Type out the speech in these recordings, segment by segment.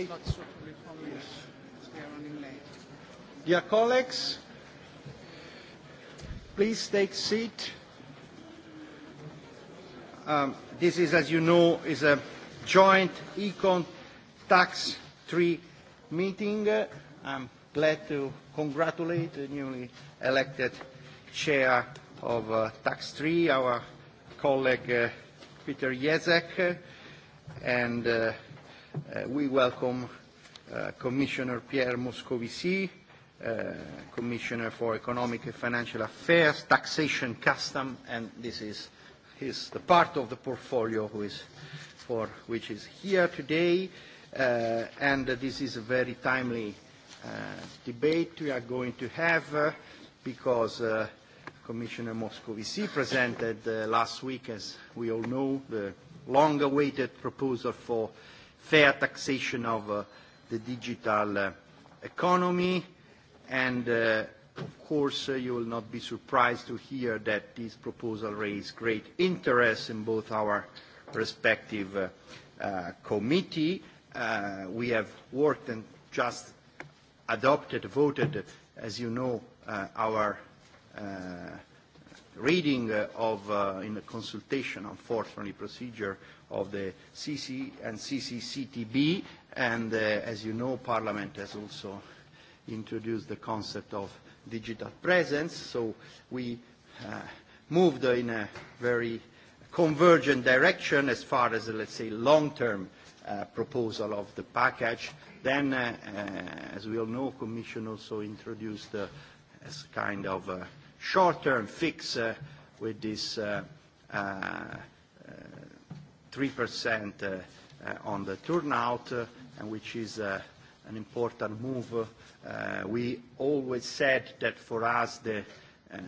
Okay. Not so yes. are running late. Dear colleagues, please take seat. Um, this is, as you know, is a joint Econ Tax 3 meeting. Uh, I'm glad to congratulate the newly elected chair of uh, Tax 3, our colleague uh, Peter Jezek, and uh, Uh, we welcome uh, Commissioner Pierre Moscovici, uh, Commissioner for Economic and Financial Affairs, Taxation, Custom, and this is his, the part of the portfolio who is for, which is here today. Uh, and uh, this is a very timely uh, debate we are going to have uh, because uh, Commissioner Moscovici presented uh, last week, as we all know, the long-awaited proposal for uh, fair taxation of uh, the digital uh, economy. And uh, of course, uh, you will not be surprised to hear that this proposal raised great interest in both our respective uh, uh, committee. Uh, we have worked and just adopted, voted, as you know, uh, our uh, reading uh, of, uh, in the consultation, unfortunately, procedure of the CC and CCCTB, and uh, as you know, Parliament has also introduced the concept of digital presence, so we uh, moved in a very convergent direction as far as, let's say, long-term uh, proposal of the package. Then, uh, uh, as we all know, Commission also introduced uh, as kind of uh, short-term fix uh, with this uh, uh, 3% uh, uh, uh, on the turnout, uh, and which is uh, an important move. Uh, we always said that for us the, uh,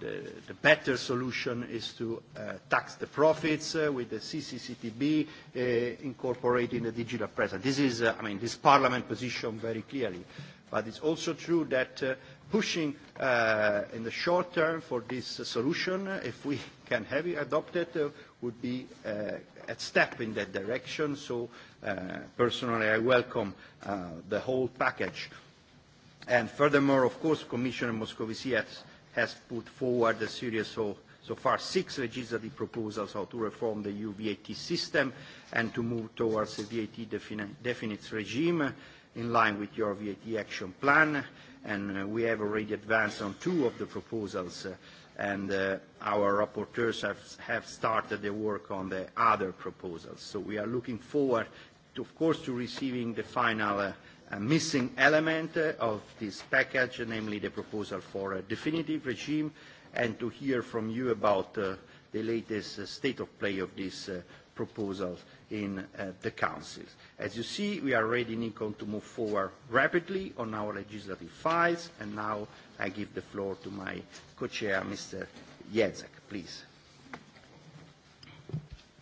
the, the better solution is to uh, tax the profits uh, with the CCCTB uh, incorporating the digital presence. This is, uh, I mean, this Parliament position very clearly. But it's also true that uh, pushing uh, in the short term for this uh, solution, if we can have it adopted, uh, would be uh, a step in that direction. So uh, personally, I welcome uh, the whole package. And furthermore, of course, Commissioner Moscovici has, has put forward a series of so far six legislative proposals how to reform the EU VAT system and to move towards a VAT defini definite regime in line with your VAT action plan. Uh, and uh, we have already advanced on two of the proposals, uh, and uh, our rapporteurs have, have started the work on the other proposals. So we are looking forward, to, of course, to receiving the final missing element of this package, namely the proposal for a definitive regime, and to hear from you about the latest state of play of this proposal in uh, the council. As you see, we are ready, Nikon, to move forward rapidly on our legislative files, and now I give the floor to my co-chair, Mr. Jezek, please.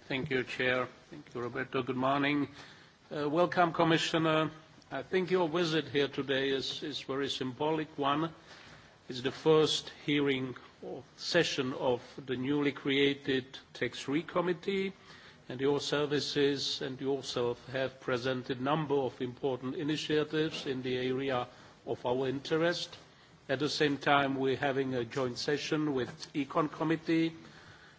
Thank you, Chair. Thank you, Roberto. Good morning. Uh, welcome, Commissioner. I think your visit here today is, is a very symbolic one. It's the first hearing or session of the newly created Tax three Committee – and your services and yourself have presented a number of important initiatives in the area of our interest. At the same time, we're having a joint session with the Econ Committee,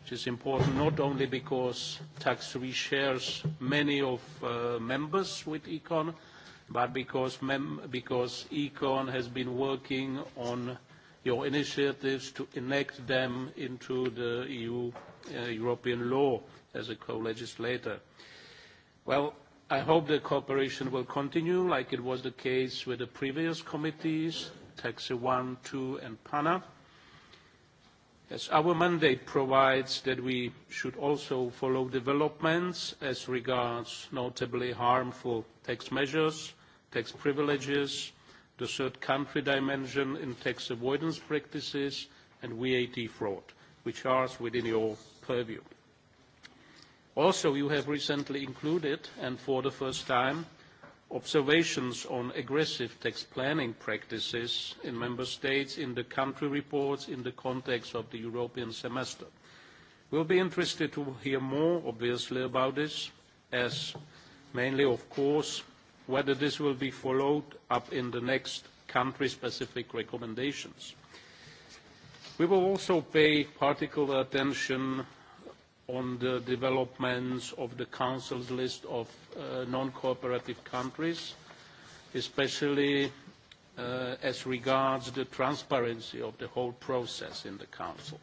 which is important not only because Tax Free shares many of uh, members with Econ, but because, mem because Econ has been working on your initiatives to enact them into the EU, uh, European law as a co-legislator. Well, I hope the cooperation will continue like it was the case with the previous committees, Taxi 1, 2 and PANA. As our mandate provides that we should also follow developments as regards notably harmful tax measures, tax privileges, the third country dimension in tax avoidance practices and VAT fraud, which are within your purview. Also, you have recently included, and for the first time, observations on aggressive tax planning practices in member states in the country reports in the context of the European semester. We'll be interested to hear more, obviously, about this, as mainly, of course, whether this will be followed up in the next country-specific recommendations. We will also pay particular attention on the developments of the Council's list of uh, non-cooperative countries, especially uh, as regards the transparency of the whole process in the Council.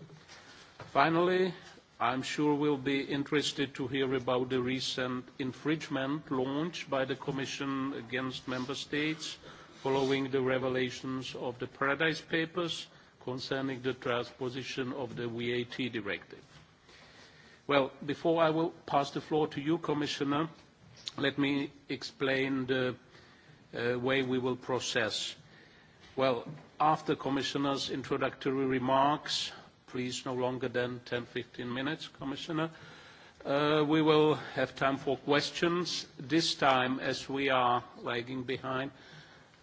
Finally, I'm sure we'll be interested to hear about the recent infringement launched by the Commission against Member States following the revelations of the Paradise Papers concerning the transposition of the VAT directive. Well, before I will pass the floor to you, Commissioner, let me explain the uh, way we will process. Well, after Commissioner's introductory remarks, please no longer than 10, 15 minutes, Commissioner, uh, we will have time for questions. This time, as we are lagging behind,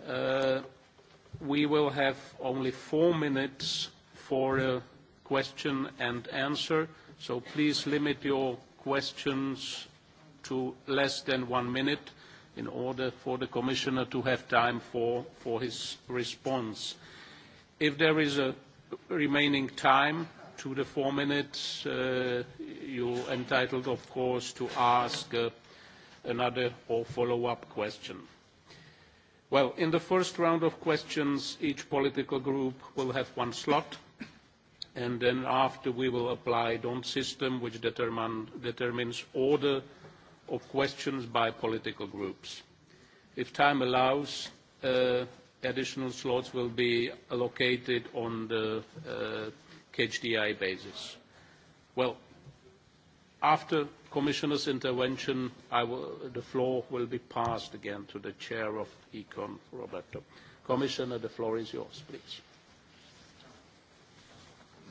uh, we will have only four minutes for a question and answer so please limit your questions to less than one minute in order for the commissioner to have time for, his response. If there is a remaining time to the four minutes, uh, you're entitled, of course, to ask uh, another or follow-up question. Well, in the first round of questions, each political group will have one slot and then after we will apply DONT system, which determine, determines order of questions by political groups. If time allows, uh, additional slots will be allocated on the uh, KHDI basis. Well, after Commissioner's intervention, I will, the floor will be passed again to the Chair of Econ, Roberto. Commissioner, the floor is yours, please.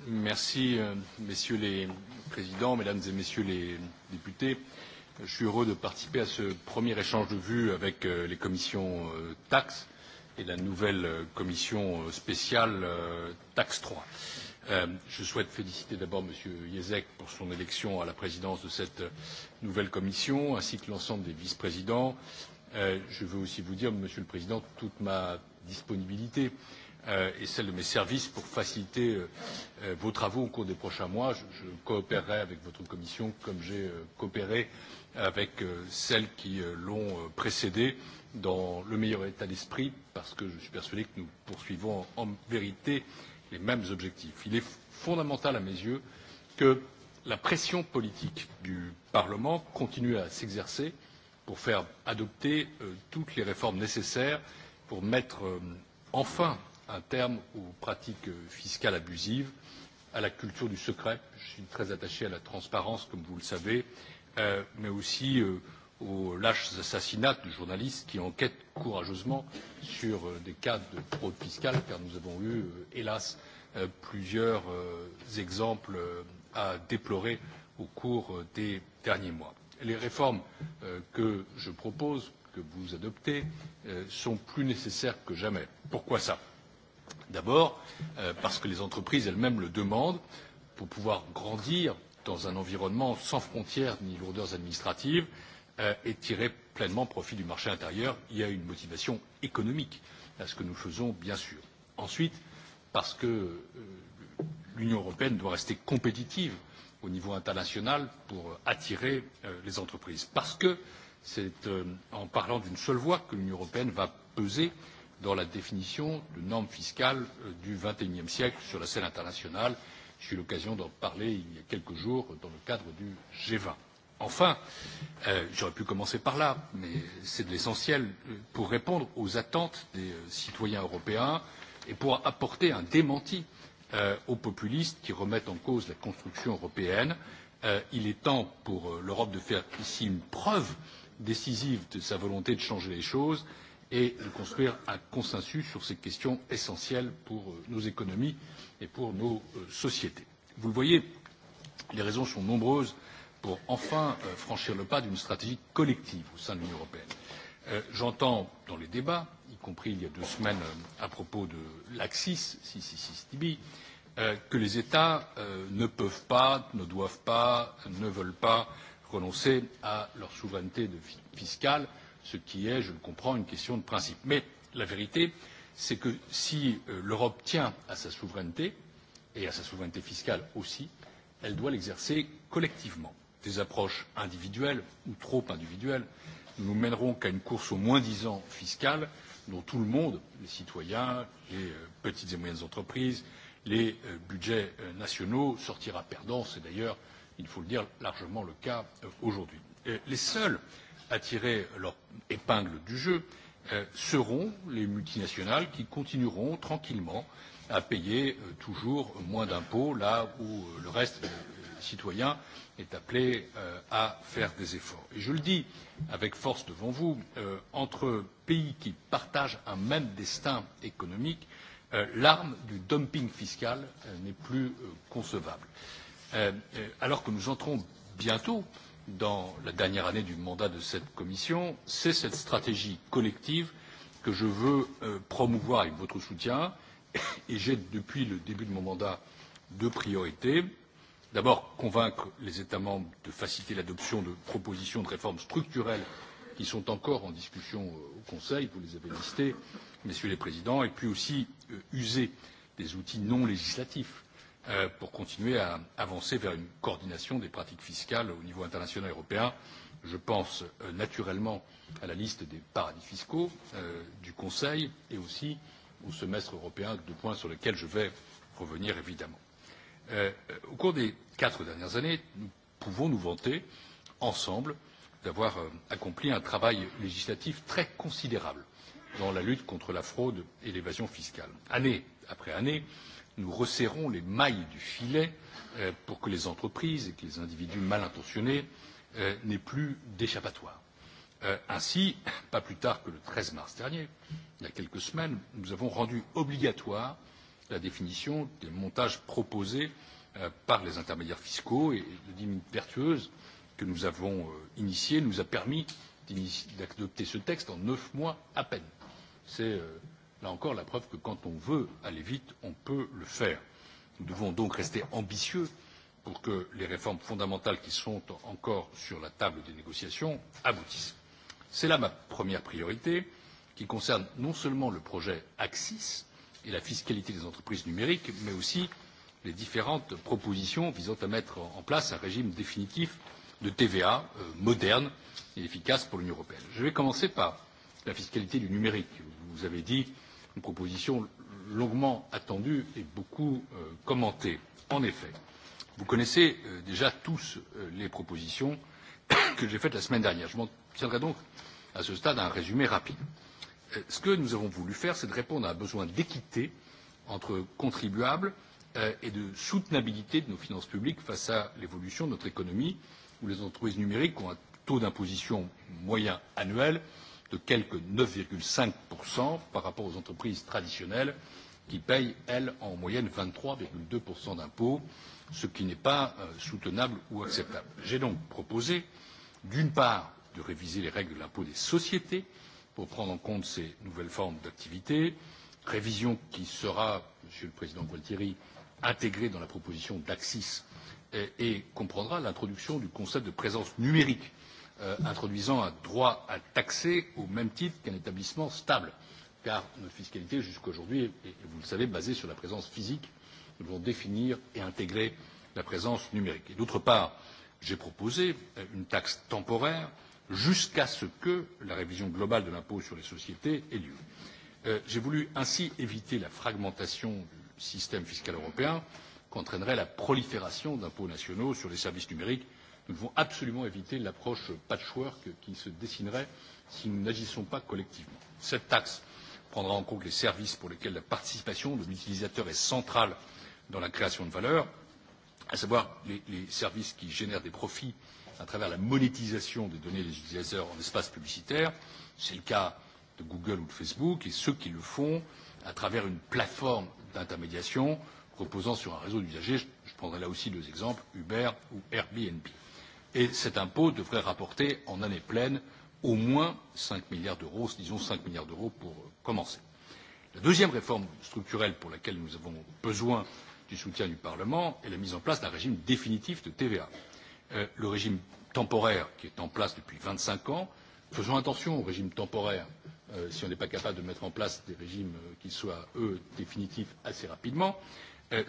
Merci, euh, messieurs les présidents, mesdames et messieurs les députés. Je suis heureux de participer à ce premier échange de vues avec euh, les commissions euh, taxe et la nouvelle commission spéciale taxe trois. Je souhaite féliciter d'abord M. Jezek pour son élection à la présidence de cette nouvelle commission, ainsi que l'ensemble des vice-présidents. Je veux aussi vous dire, Monsieur le Président, toute ma disponibilité Euh, et celle de mes services pour faciliter euh, euh, vos travaux au cours des prochains mois. Je coopérerai avec votre commission comme j'ai coopéré avec celles qui l'ont précédée dans le meilleur état d'esprit parce que je suis persuadé que nous poursuivons en vérité les mêmes objectifs. il est fondamental à mes yeux que la pression politique du parlement continue à s'exercer pour faire adopter toutes les réformes nécessaires pour mettre enfin un terme aux pratiques euh, fiscales abusives à la culture du secret je suis très attaché à la transparence comme vous le savez euh, mais aussi euh, aux lâches assassinats de journalistes qui enquêtent courageusement sur des cas de fraude fiscale car nous avons eu hélas plusieurs exemples à déplorer au cours des derniers mois. les réformes que je propose que vous adoptez sont plus nécessaires que jamais. pourquoi cela? d'abord euh, parce que les entreprises elles mêmes le demandent pour pouvoir grandir dans un environnement sans frontières ni lourdeurs administratives euh, et tirer pleinement profit du marché intérieur il y a une motivation économique à ce que nous faisons bien sûr. ensuite parce que euh, l'union européenne doit rester compétitive au niveau international pour attirer les entreprises parce que c'est en parlant d'une seule voix que l'union européenne va peser dans la définition de normes fiscales euh, du xxie siècle sur la scène internationale j'ai eu l'occasion d'en parler il y a quelques jours dans le cadre du g. vingt enfin euh, j'aurais pu commencer par là mais c'est de l'essentiel euh, pour répondre aux attentes des citoyens européens et pour apporter un démenti aux populistes qui remettent en cause la construction européenne il est temps pour l'europe de faire ici une preuve décisive de sa volonté de changer les choses et et de construire un consensus sur ces questions essentielles pour euh, nos économies et pour nos euh, sociétés. vous le voyez les raisons sont nombreuses pour enfin euh, franchir le pas d'une stratégie collective au sein de l'union européenne. j'entends dans les débats y compris il y a deux semaines à propos de l'accis six tb que les états ne peuvent pas ne doivent pas ne veulent pas renoncer à leur souveraineté fiscale ce qui est je le comprends une question de principe. mais la vérité c'est que si euh, l'europe tient à sa souveraineté et à sa souveraineté fiscale aussi elle doit l'exercer collectivement. des approches individuelles ou trop individuelles ne nous mèneront qu'à une course au moins disant fiscal dont tout le monde les citoyens les euh, petites et moyennes entreprises les euh, budgets nationaux sortira perdant c'est d'ailleurs il faut le dire largement le cas aujourd'hui. les seuls à tirer leur épingle du jeu euh, seront les multinationales qui continueront tranquillement à payer euh, toujours moins d'impôts là où euh, le reste des citoyens est appelé à faire des efforts. Et je le dis avec force devant vous entre pays qui partagent un même destin économique l'arme du dumping fiscal n'est plus concevable. alors que nous entrons bientôt dans la dernière année du mandat de cette commission c'est cette stratégie collective que je veux euh, promouvoir avec votre soutien et j'ai depuis le début de mon mandat deux priorités d'abord convaincre les états membres de faciliter l'adoption de propositions de réformes structurelles qui sont encore en discussion euh, au conseil vous les avez listées messieurs les présidents et puis aussi euh, user des outils non législatifs Euh, pour continuer à avancer vers une coordination des pratiques fiscales au niveau international et européen. Je pense euh, naturellement à la liste des paradis fiscaux euh, du Conseil et aussi au semestre européen, deux points sur lesquels je vais revenir évidemment. Au cours des quatre dernières années, nous pouvons nous vanter ensemble d'avoir accompli un travail législatif très considérable dans la lutte contre la fraude et l'évasion fiscale. année après année nous resserrons les mailles du filet euh, pour que les entreprises et que les individus mal intentionnés euh, n'aient plus d'échappatoire. Euh, ainsi pas plus tard que le treize mars dernier il y a quelques semaines nous avons rendu obligatoire la définition des montages proposés par les intermédiaires fiscaux et la dynamique vertueuse que nous avons initiée nous a permis d'adopter ce texte en neuf mois à peine. C'est euh, là encore la preuve que quand on veut aller vite, on peut le faire. Nous devons donc rester ambitieux pour que les réformes fondamentales qui sont encore sur la table des négociations aboutissent. C'est là ma première priorité qui concerne non seulement le projet AXIS et la fiscalité des entreprises numériques, mais aussi les différentes propositions visant à mettre en place un régime définitif de TVA euh, moderne et efficace pour l'Union européenne. Je vais commencer par la fiscalité du numérique. Vous avez dit une proposition longuement attendue et beaucoup euh, commentée. En effet, vous connaissez euh, déjà tous euh, les propositions que j'ai faites la semaine dernière. Je m'en tiendrai donc à ce stade à un résumé rapide. Ce que nous avons voulu faire, c'est de répondre à un besoin d'équité entre contribuables et de soutenabilité de nos finances publiques face à l'évolution de notre économie, où les entreprises numériques ont un taux d'imposition moyen annuel de quelque neuf cinq par rapport aux entreprises traditionnelles qui paient elles en moyenne vingt trois deux d'impôts ce qui n'est pas euh, soutenable ou acceptable. j'ai donc proposé d'une part de réviser les règles de l'impôt des sociétés pour prendre en compte ces nouvelles formes d'activité révision qui sera monsieur le président gualtieri intégrée dans la proposition d'accis et comprendra l'introduction du concept de présence numérique Euh, introduisant un droit à taxer au même titre qu'un établissement stable car notre fiscalité jusqu'à aujourd'hui est vous le savez basée sur la présence physique nous devons définir et intégrer la présence numérique. d'autre part j'ai proposé euh, une taxe temporaire jusqu'à ce que la révision globale de l'impôt sur les sociétés ait lieu. Euh, j'ai voulu ainsi éviter la fragmentation du système fiscal européen qu'entraînerait la prolifération d'impôts nationaux sur les services numériques nous devons absolument éviter l'approche patchwork qui se dessinerait si nous n'agissons pas collectivement. cette taxe prendra en compte les services pour lesquels la participation de l'utilisateur est centrale dans la création de valeur à savoir les, les services qui génèrent des profits à travers la monétisation des données des utilisateurs en espace publicitaire c'est le cas de google ou de facebook et ceux qui le font à travers une plateforme d'intermédiation reposant sur un réseau d'usagers je prendrai là aussi deux exemples uber ou airbnb et cet impôt devrait rapporter en année pleine au moins cinq milliards d'euros disons cinq milliards d'euros pour euh, commencer. la deuxième réforme structurelle pour laquelle nous avons besoin du soutien du parlement est la mise en place d'un régime définitif de tva. Euh, le régime temporaire qui est en place depuis vingt cinq ans faisons attention aux régimes temporaires euh, si on n'est pas capable de mettre en place des régimes qui soient eux définitifs assez rapidement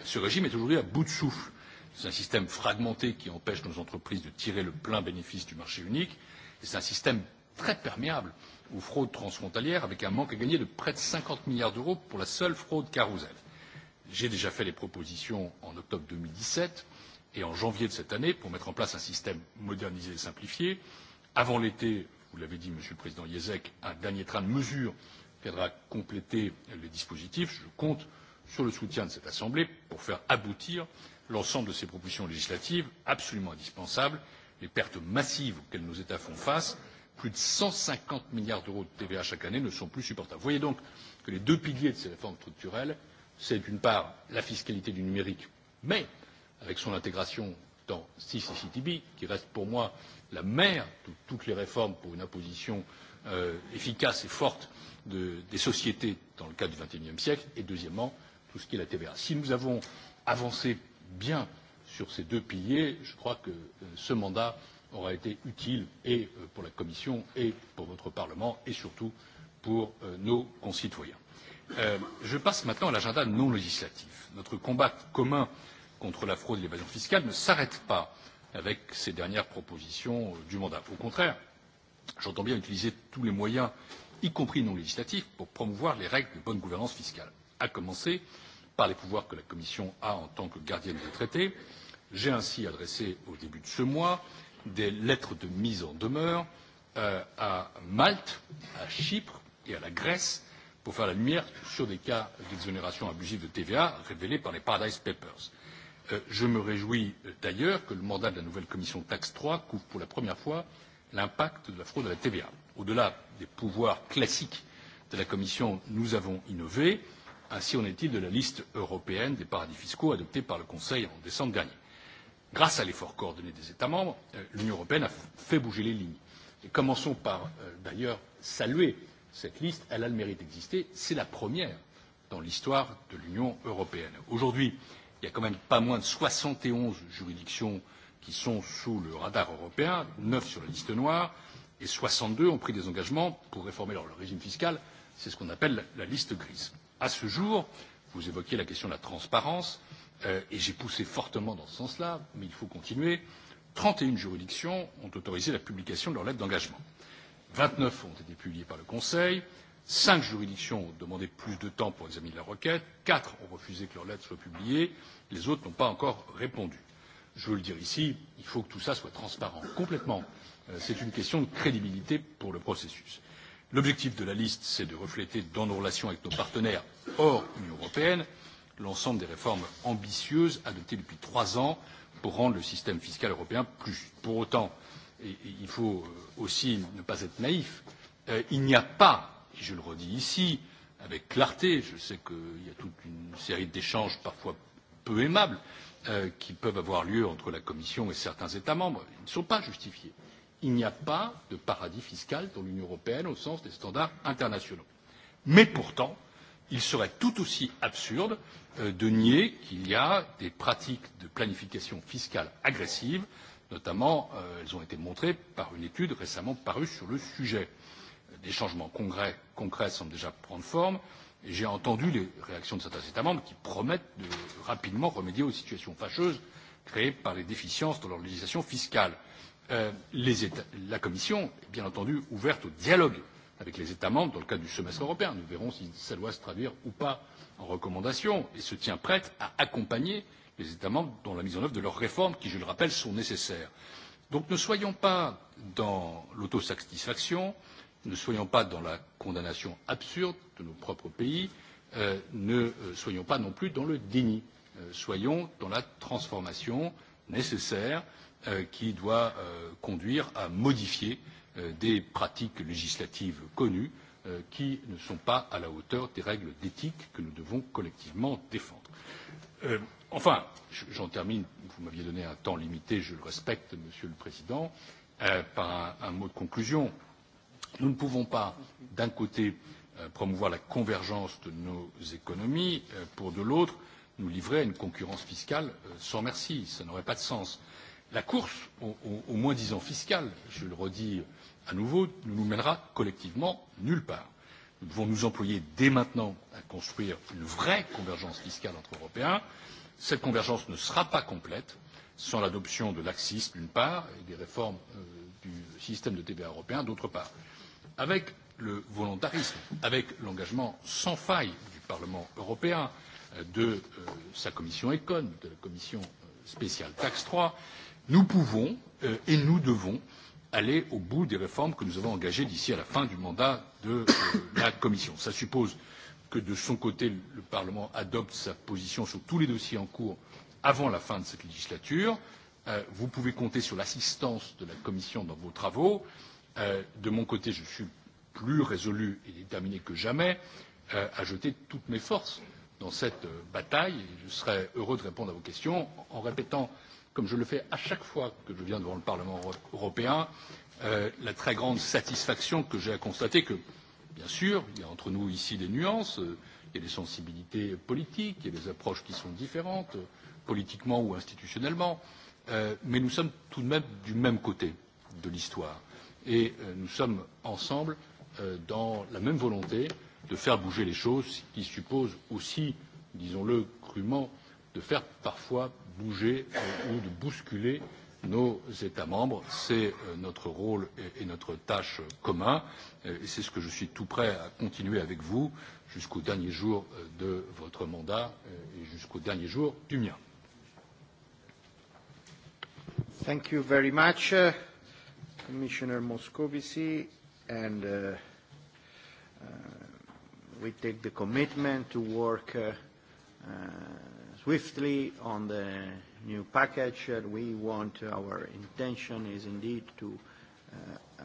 ce régime est aujourd'hui à bout de souffle c'est un système fragmenté qui empêche nos entreprises de tirer le plein bénéfice du marché unique et c'est un système très perméable aux fraudes transfrontalières avec un manque à gagner de près de cinquante milliards d'euros pour la seule fraude carrousel. j'ai déjà fait des propositions en octobre deux mille dix sept et en janvier de cette année pour mettre en place un système modernisé et simplifié. avant l'été vous l'avez dit monsieur le président jezek un dernier train de mesures viendra compléter les dispositifs. je compte sur le soutien de cette assemblée pour faire aboutir l'ensemble de ces propositions législatives absolument indispensables les pertes massives auxquelles nos états font face plus de cent cinquante milliards d'euros de tva chaque année ne sont plus supportables. voyez donc que les deux piliers de ces réformes structurelles c'est d'une part la fiscalité du numérique mais avec son intégration dans ccctb qui reste pour moi la mère de toutes les réformes pour une imposition euh, efficace et forte des sociétés dans le cadre du xxie siècle et deuxièmement tout ce qui est la tva. si nous avons avancé bien sur ces deux piliers je crois que euh, ce mandat aura été utile et euh, pour la commission et pour votre parlement et surtout pour euh, nos concitoyens. je passe maintenant à l'agenda non législatif. notre combat commun contre la fraude et l'évasion fiscale ne s'arrête pas avec ces dernières propositions du mandat. au contraire j'entends bien utiliser tous les moyens y compris non législatifs pour promouvoir les règles de bonne gouvernance fiscale à commencer par les pouvoirs que la commission a en tant que gardienne des traités. j'ai ainsi adressé au début de ce mois des lettres de mise en demeure euh, à malte à chypre et à la grèce pour faire la lumière sur des cas d'exonération abusive de tva révélés par les paradise papers. Euh, je me réjouis euh, d'ailleurs que le mandat de la nouvelle commission taxe trois couvre pour la première fois l'impact de la fraude à la tva. au delà des pouvoirs classiques de la commission nous avons innové Ainsi en est-il de la liste européenne des paradis fiscaux adoptée par le Conseil en décembre dernier. Grâce à l'effort coordonné des États membres, euh, l'Union européenne a fait bouger les lignes. commençons par euh, d'ailleurs saluer cette liste. Elle a le mérite d'exister. C'est la première dans l'histoire de l'Union européenne. Aujourd'hui, il y a quand même pas moins de soixante et onze juridictions qui sont sous le radar européen, neuf sur la liste noire, et soixante deux ont pris des engagements pour réformer leur régime fiscal. C'est ce qu'on appelle la liste grise à ce jour vous évoquiez la question de la transparence euh, et j'ai poussé fortement dans ce sens là mais il faut continuer trente et une juridictions ont autorisé la publication de leurs lettres d'engagement vingt neuf ont été publiées par le conseil cinq juridictions ont demandé plus de temps pour examiner leur requête quatre ont refusé que leur lettre soit publiée les autres n'ont pas encore répondu. je veux le dire ici il faut que tout cela soit transparent complètement euh, c'est une question de crédibilité pour le processus l'objectif de la liste c'est de refléter dans nos relations avec nos partenaires hors union européenne l'ensemble des réformes ambitieuses adoptées depuis trois ans pour rendre le système fiscal européen plus juste. pour autant et il faut euh, aussi ne pas être naïf euh, il n'y a pas et je le redis ici avec clarté je sais qu'il y a toute une série d'échanges parfois peu aimables euh, qui peuvent avoir lieu entre la commission et certains états membres ils ne sont pas justifiés il n'y a pas de paradis fiscal dans l'union européenne au sens des standards internationaux mais pourtant il serait tout aussi absurde euh, de nier qu'il y a des pratiques de planification fiscale agressives, notamment euh, elles ont été montrées par une étude récemment parue sur le sujet. des changements concrets semblent déjà prendre forme et j'ai entendu les réactions de certains états membres qui promettent de rapidement remédier aux situations fâcheuses créées par les déficiences dans leur législation fiscale. Euh, la Commission est bien entendu ouverte au dialogue avec les États membres dans le cadre du semestre européen. Nous verrons si cela doit se traduire ou pas en recommandations et se tient prête à accompagner les États membres dans la mise en œuvre de leurs réformes qui, je le rappelle, sont nécessaires. Donc ne soyons pas dans l'autosatisfaction, ne soyons pas dans la condamnation absurde de nos propres pays, euh, ne euh, soyons pas non plus dans le déni, euh, soyons dans la transformation nécessaire Euh, qui doit euh, conduire à modifier euh, des pratiques législatives connues qui ne sont pas à la hauteur des règles d'éthique que nous devons collectivement défendre. enfin j'en termine vous m'aviez donné un temps limité je le respecte monsieur le président par un mot de conclusion nous ne pouvons pas d'un côté promouvoir la convergence de nos économies pour de l'autre nous livrer à une concurrence fiscale sans merci cela n'aurait pas de sens la course au, moins disant fiscal je le redis à nouveau ne nous mènera collectivement nulle part. nous devons nous employer dès maintenant à construire une vraie convergence fiscale entre européens. cette convergence ne sera pas complète sans l'adoption de l'accis d'une part et des réformes euh, du système de tva européen d'autre part. avec le volontarisme avec l'engagement sans faille du parlement européen euh, de euh, sa commission econ de la commission spéciale taxe trois nous pouvons euh, et nous devons aller au bout des réformes que nous avons engagées d'ici à la fin du mandat de euh, la commission. cela suppose que de son côté le parlement adopte sa position sur tous les dossiers en cours avant la fin de cette législature. Euh, vous pouvez compter sur l'assistance de la commission dans vos travaux. de mon côté je suis plus résolu et déterminé que jamais à jeter toutes mes forces dans cette bataille et je serai heureux de répondre à vos questions en répétant comme je le fais à chaque fois que je viens devant le parlement européen euh, la très grande satisfaction que j'ai à constater que bien sûr il y a entre nous ici des nuances euh, il y a des sensibilités politiques il y a des approches qui sont différentes euh, politiquement ou institutionnellement mais nous sommes tout de même du même côté de l'histoire et nous sommes ensemble dans la même volonté de faire bouger les choses ce qui suppose aussi disons le crûment de faire parfois bouger ou de bousculer nos états membres c'est euh, notre rôle et notre tâche commun euh, et c'est ce que je suis tout prêt à continuer avec vous jusqu'au dernier jour euh, de votre mandat et jusqu'au dernier jour du mien. Thank you very much, uh, Commissioner Moscovici, and uh, uh, we take the commitment to work uh, uh, swiftly on the new package. we want our intention is indeed to uh, uh,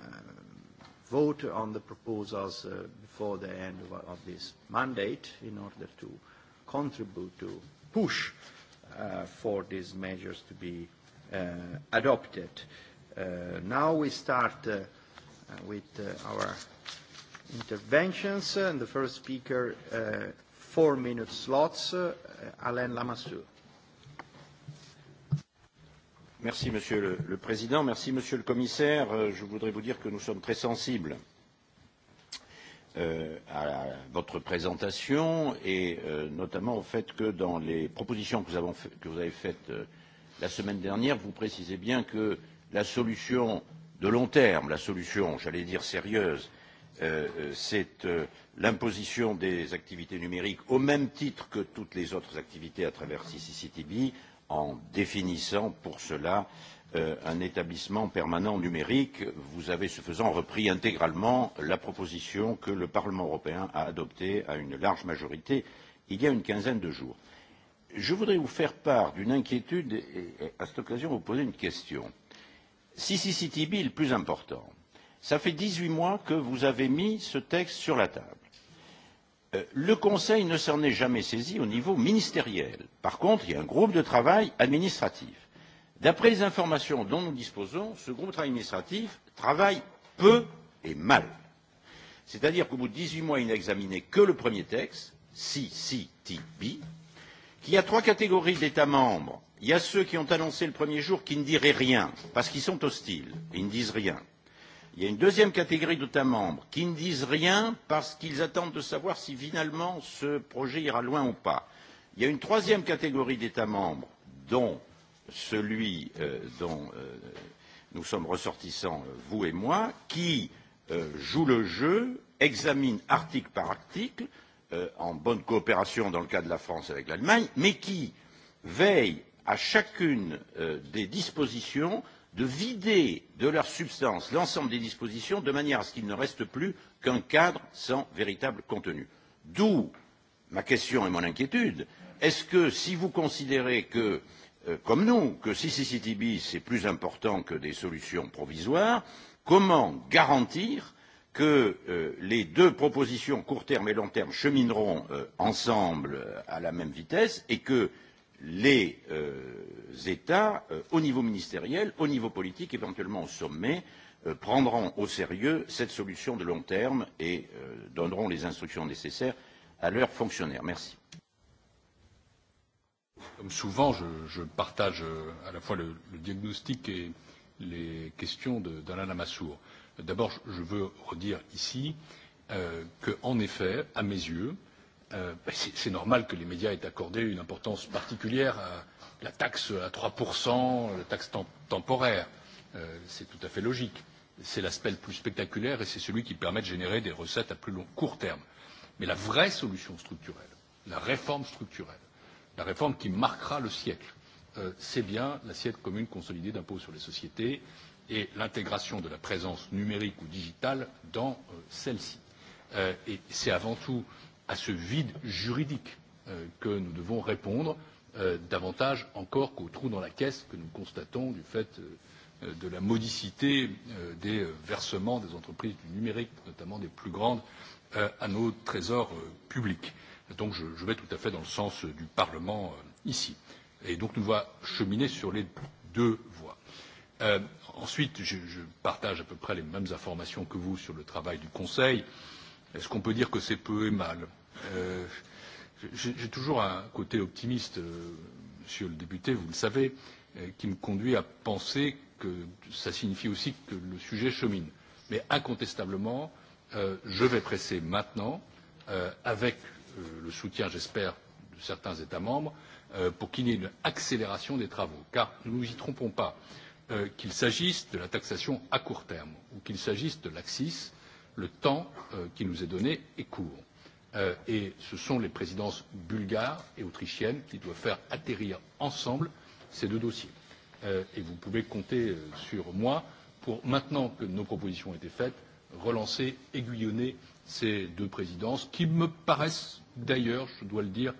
vote on the proposals uh, before the end of, of this mandate in order to contribute to push uh, for these measures to be uh, adopted. Uh, now we start uh, with uh, our interventions, and the first speaker uh, four-minute slots. Uh, Alain Lamassoure. Merci, Monsieur le, le Président. Merci, Monsieur le Commissaire. Euh, je voudrais vous dire que nous sommes très sensibles euh, à votre présentation et euh, notamment au fait que dans les propositions que, avons fait, que vous avez faites euh, la semaine dernière, vous précisez bien que la solution de long terme, la solution, j'allais dire sérieuse, Euh, euh, c'est euh, l'imposition des activités numériques au même titre que toutes les autres activités à travers CCCTB en définissant pour cela un établissement permanent numérique. Vous avez ce faisant repris intégralement la proposition que le Parlement européen a adoptée à une large majorité il y a une quinzaine de jours. Je voudrais vous faire part d'une inquiétude et à cette occasion vous poser une question. CCCTB est le plus important Cela fait dix huit mois que vous avez mis ce texte sur la table. Euh, le Conseil ne s'en est jamais saisi au niveau ministériel. Par contre, il y a un groupe de travail administratif. D'après les informations dont nous disposons, ce groupe de travail administratif travaille peu et mal. C'est-à-dire qu'au bout de dix huit mois, il n'a examiné que le premier texte, CCTB, qu'il y a trois catégories d'États membres. Il y a ceux qui ont annoncé le premier jour qu'ils ne diraient rien, parce qu'ils sont hostiles, et ils ne disent rien. Il y a une deuxième catégorie d'États membres qui ne disent rien parce qu'ils attendent de savoir si finalement ce projet ira loin ou pas. Il y a une troisième catégorie d'États membres, dont celui euh, dont euh, nous sommes ressortissants, euh, vous et moi, qui euh, joue le jeu, examine article par article, euh, en bonne coopération dans le cas de la France avec l'Allemagne, mais qui veille à chacune euh, des dispositions de vider de leur substance l'ensemble des dispositions de manière à ce qu'il ne reste plus qu'un cadre sans véritable contenu. D'où ma question et mon inquiétude. Est-ce que si vous considérez que, euh, comme nous, que CCCTB c'est plus important que des solutions provisoires, comment garantir que euh, les deux propositions court terme et long terme chemineront euh, ensemble euh, à la même vitesse et que les euh, États, euh, au niveau ministériel, au niveau politique, éventuellement au sommet, euh, prendront au sérieux cette solution de long terme et donneront les instructions nécessaires à leurs fonctionnaires. Merci. Comme souvent, je, je partage à la fois le, le diagnostic et les questions d'Alain Lamassoure. D'abord, je veux redire ici euh, effet, à mes yeux, Euh, c'est normal que les médias aient accordé une importance particulière à la taxe à trois la taxe temporaire euh, c'est tout à fait logique c'est l'aspect le plus spectaculaire et c'est celui qui permet de générer des recettes à plus long, court terme. mais la vraie solution structurelle la réforme structurelle la réforme qui marquera le siècle euh, c'est bien l'assiette commune consolidée d'impôt sur les sociétés et l'intégration de la présence numérique ou digitale dans celle ci. et c'est avant tout à ce vide juridique euh, que nous devons répondre euh, davantage encore qu'au trou dans la caisse que nous constatons du fait euh, de la modicité des versements des entreprises du numérique notamment des plus grandes à nos trésors publics. donc je vais tout à fait dans le sens du parlement ici et donc nous devons cheminer sur les deux voies. Euh, ensuite je, je partage à peu près les mêmes informations que vous sur le travail du conseil. est ce qu'on peut dire que c'est peu et mal? Euh, j'ai toujours un côté optimiste, euh, monsieur le député, vous le savez, euh, qui me conduit à penser que ça signifie aussi que le sujet chemine. Mais incontestablement, je vais presser maintenant, avec le soutien, j'espère, de certains États membres, pour qu'il y ait une accélération des travaux. Car nous ne nous y trompons pas, qu'il s'agisse de la taxation à court terme ou qu'il s'agisse de l'AXIS, le temps qui nous est donné est court Euh, et ce sont les présidences bulgare et autrichienne qui doivent faire atterrir ensemble ces deux dossiers euh, et vous pouvez compter euh, sur moi pour maintenant que nos propositions ont été faites relancer aiguillonner ces deux présidences qui me paraissent d'ailleurs je dois le dire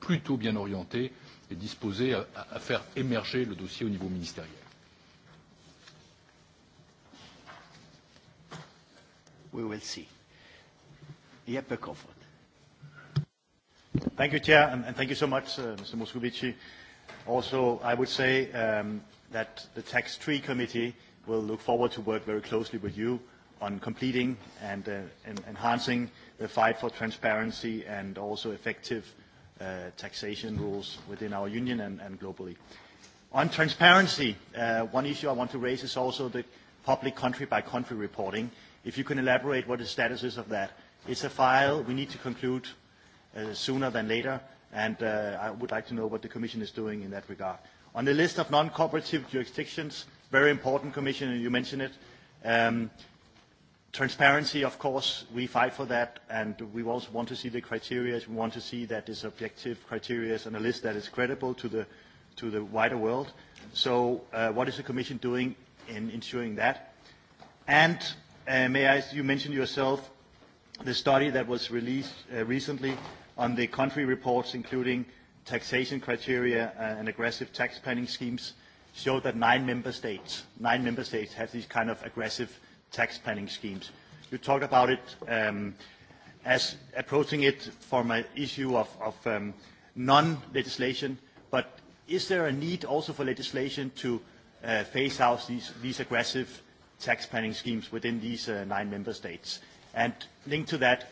plutôt bien orientées et disposées à faire émerger le dossier au niveau ministériel. We will see. Jeppe Kofod. Thank you, Chair, and, thank you so much, uh, Mr. Moscovici. Also, I would say um, that the Tax 3 Committee will look forward to work very closely with you on completing and, uh, and enhancing the fight for transparency and also effective uh, taxation rules within our union and, and globally. On transparency, uh, one issue I want to raise is also the public country by -country reporting. If you can elaborate what the status is of that. It's a file we need to conclude uh, sooner than later, and uh, I would like to know what the Commission is doing in that regard. On the list of non-cooperative jurisdictions, very important, Commissioner, you mentioned it. Um, transparency, of course, we fight for that, and we also want to see the criteria. We want to see that it's objective criteria and a list that is credible to the, to the wider world. So uh, what is the Commission doing in ensuring that? And uh, may I, you mentioned yourself the study that was released uh, recently on the country reports, including taxation criteria uh, and aggressive tax planning schemes, show that nine member states, nine member states have these kind of aggressive tax planning schemes. You talked about it um, as approaching it from an issue of, of um, non-legislation, but is there a need also for legislation to uh, phase out these, these aggressive tax planning schemes within these uh, nine member states? And linked to that,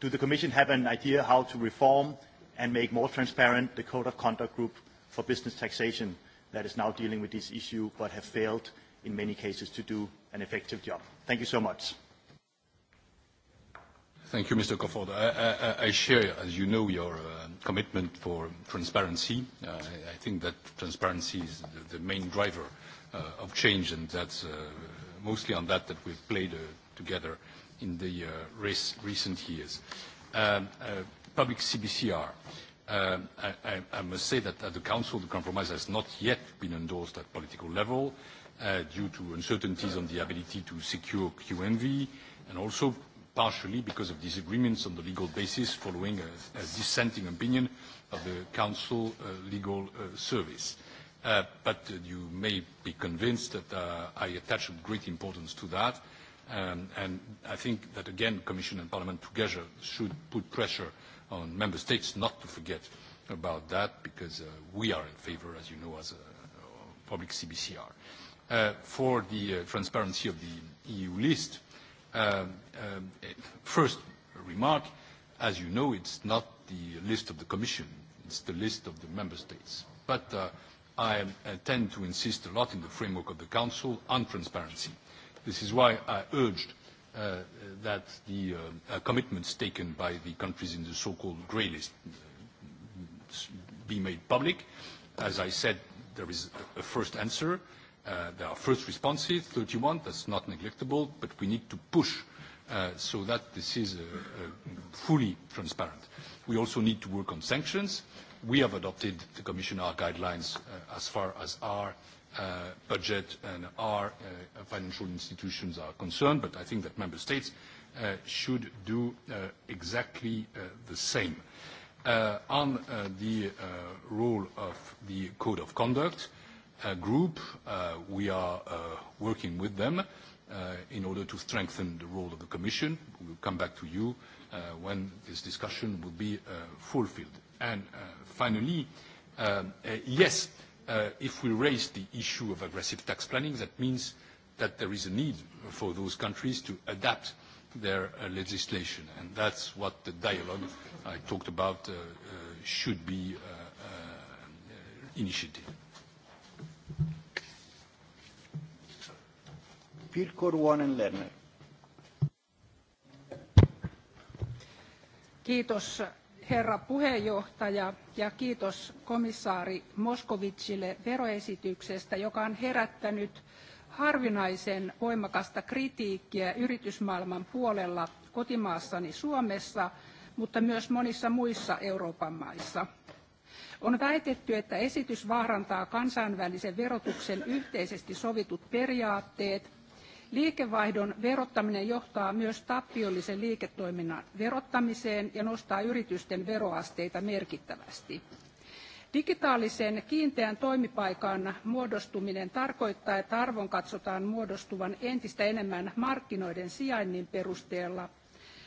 do the Commission have an idea how to reform and make more transparent the Code of Conduct Group for Business Taxation that is now dealing with this issue but have failed in many cases to do an effective job? Thank you so much. Thank you, Mr. Crawford. I, I, I share, as you know, your uh, commitment for transparency. Uh, I think that transparency is the, the main driver uh, of change, and that's uh, mostly on that that we've played uh, together in the uh, recent years. Um, uh, public CBCR. Uh, I, I, I must say that at the Council, the compromise has not yet been endorsed at political level due to uncertainties on the ability to secure QNV and also partially because of disagreements on the legal basis following a, dissenting opinion of the Council Legal Service. but you may be convinced that I attach great importance to that Um, and I think that, again, the Commission and Parliament together should put pressure on Member States not to forget about that, because uh, we are in favour, as you know, as a public CBCR. Uh, for the uh, transparency of the EU list, um, um, first remark, as you know, it's not the list of the Commission, it's the list of the Member States. But I tend to insist a lot in the framework of the Council on transparency This is why I urged uh, that the uh, uh, commitments taken by the countries in the so-called grey list be made public. As I said, there is a first answer. there are first responses, thirty that That's not neglectable, but we need to push so that this is fully transparent. We also need to work on sanctions. We have adopted the Commission our guidelines as far as our Uh, budget and our uh, financial institutions are concerned, but I think that member states uh, should do exactly the same. On the role of the Code of Conduct group, we are working with them in order to strengthen the role of the Commission. We will come back to you when this discussion will be fulfilled. And Finally, um, yes, Uh, if we raise the issue of aggressive tax planning, that means that there is a need for those countries to adapt their uh, legislation, and that's what the dialogue I talked about uh, uh should be uh, uh, initiated Kiitos herra puheenjohtaja ja kiitos komissaari Moskovicille veroesityksestä, joka on herättänyt harvinaisen voimakasta kritiikkiä yritysmaailman puolella kotimaassani Suomessa, mutta myös monissa muissa Euroopan maissa. On väitetty, että esitys vaarantaa kansainvälisen verotuksen yhteisesti sovitut periaatteet liikevaihdon verottaminen johtaa myös tappiollisen liiketoiminnan verottamiseen ja nostaa yritysten veroasteita merkittävästi. Digitaalisen kiinteän toimipaikan muodostuminen tarkoittaa, että arvon katsotaan muodostuvan entistä enemmän markkinoiden sijainnin perusteella.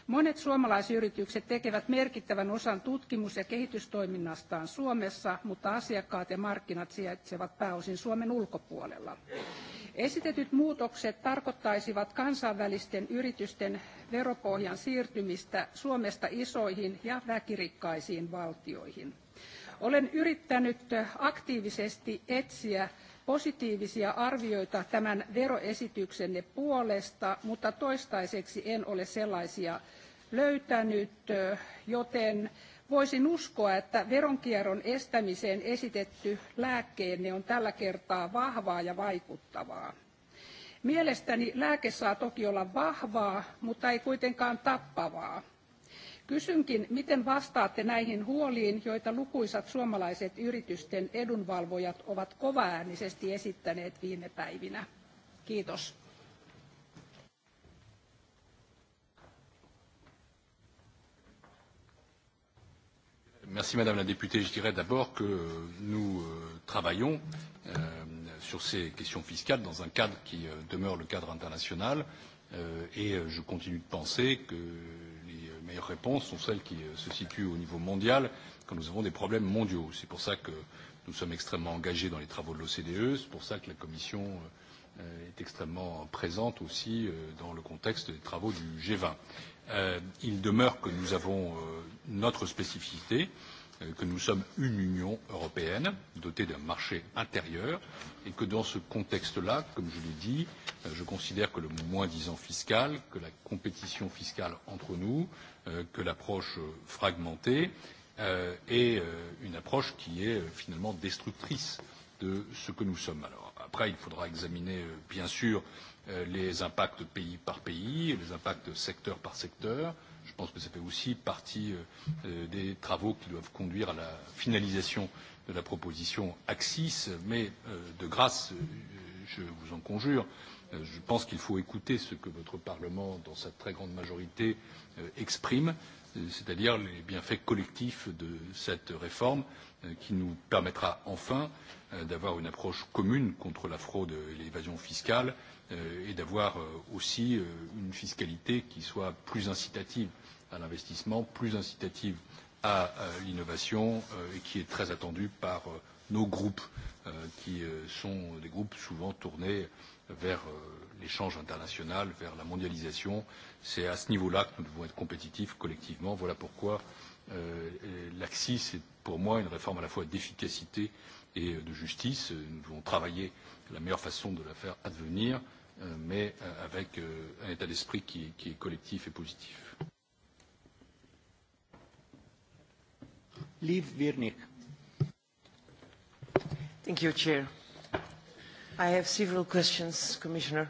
Monet suomalaisyritykset tekevät merkittävän osan tutkimus- ja kehitystoiminnastaan Suomessa, mutta asiakkaat ja markkinat sijaitsevat pääosin Suomen ulkopuolella. Esitetyt muutokset tarkoittaisivat kansainvälisten yritysten veropohjan siirtymistä Suomesta isoihin ja väkirikkaisiin valtioihin. Olen yrittänyt aktiivisesti etsiä positiivisia arvioita tämän veroesityksenne puolesta, mutta toistaiseksi en ole sellaisia löytänyt, joten voisin uskoa että veronkierron estämiseen esitetty lääkkeenne on tällä kertaa vahvaa ja vaikuttavaa. mielestäni lääke saa toki olla vahvaa mutta ei kuitenkaan tappavaa. kysynkin miten vastaatte näihin huoliin joita lukuisat suomalaiset yritysten edunvalvojat ovat kovaäänisesti esittäneet viime päivinä? kiitos. remercie Madame la députée. Je dirais d'abord que nous euh, travaillons euh, sur ces questions fiscales dans un cadre qui euh, demeure le cadre international et je continue de penser que les meilleures réponses sont celles qui se situent au niveau mondial quand nous avons des problèmes mondiaux. C'est pour cela que nous sommes extrêmement engagés dans les travaux de l'OCDE, c'est pour cela que la Commission est extrêmement présente aussi dans le contexte des travaux du G20. Il demeure que nous avons notre spécificité. Euh, que nous sommes une Union européenne dotée d'un marché intérieur et que dans ce contexte-là, comme je l'ai dit, euh, je considère que le moins-disant fiscal, que la compétition fiscale entre nous, euh, que l'approche fragmentée est une approche qui est finalement destructrice de ce que nous sommes. Alors après, il faudra examiner bien sûr les impacts pays par pays, les impacts secteur par secteur, pense que ça fait aussi partie euh, euh, des travaux qui doivent conduire à la finalisation de la proposition axis mais euh, de grâce je vous en conjure je pense qu'il faut écouter ce que votre parlement dans sa très grande majorité exprime c'est à dire les bienfaits collectifs de cette réforme qui nous permettra enfin d'avoir une approche commune contre la fraude et l'évasion fiscale et d'avoir aussi une fiscalité qui soit plus incitative à l'investissement, plus incitative à l'innovation euh, et qui est très attendue par euh, nos groupes euh, qui sont des groupes souvent tournés vers l'échange international, vers la mondialisation. C'est à ce niveau-là que nous devons être compétitifs collectivement. Voilà pourquoi l'AXIS est pour moi une réforme à la fois d'efficacité et de justice. Nous devons travailler la meilleure façon de la faire advenir, mais avec un état d'esprit qui est collectif et positif. Liv Virnik. Thank you, Chair. I have several questions, Commissioner.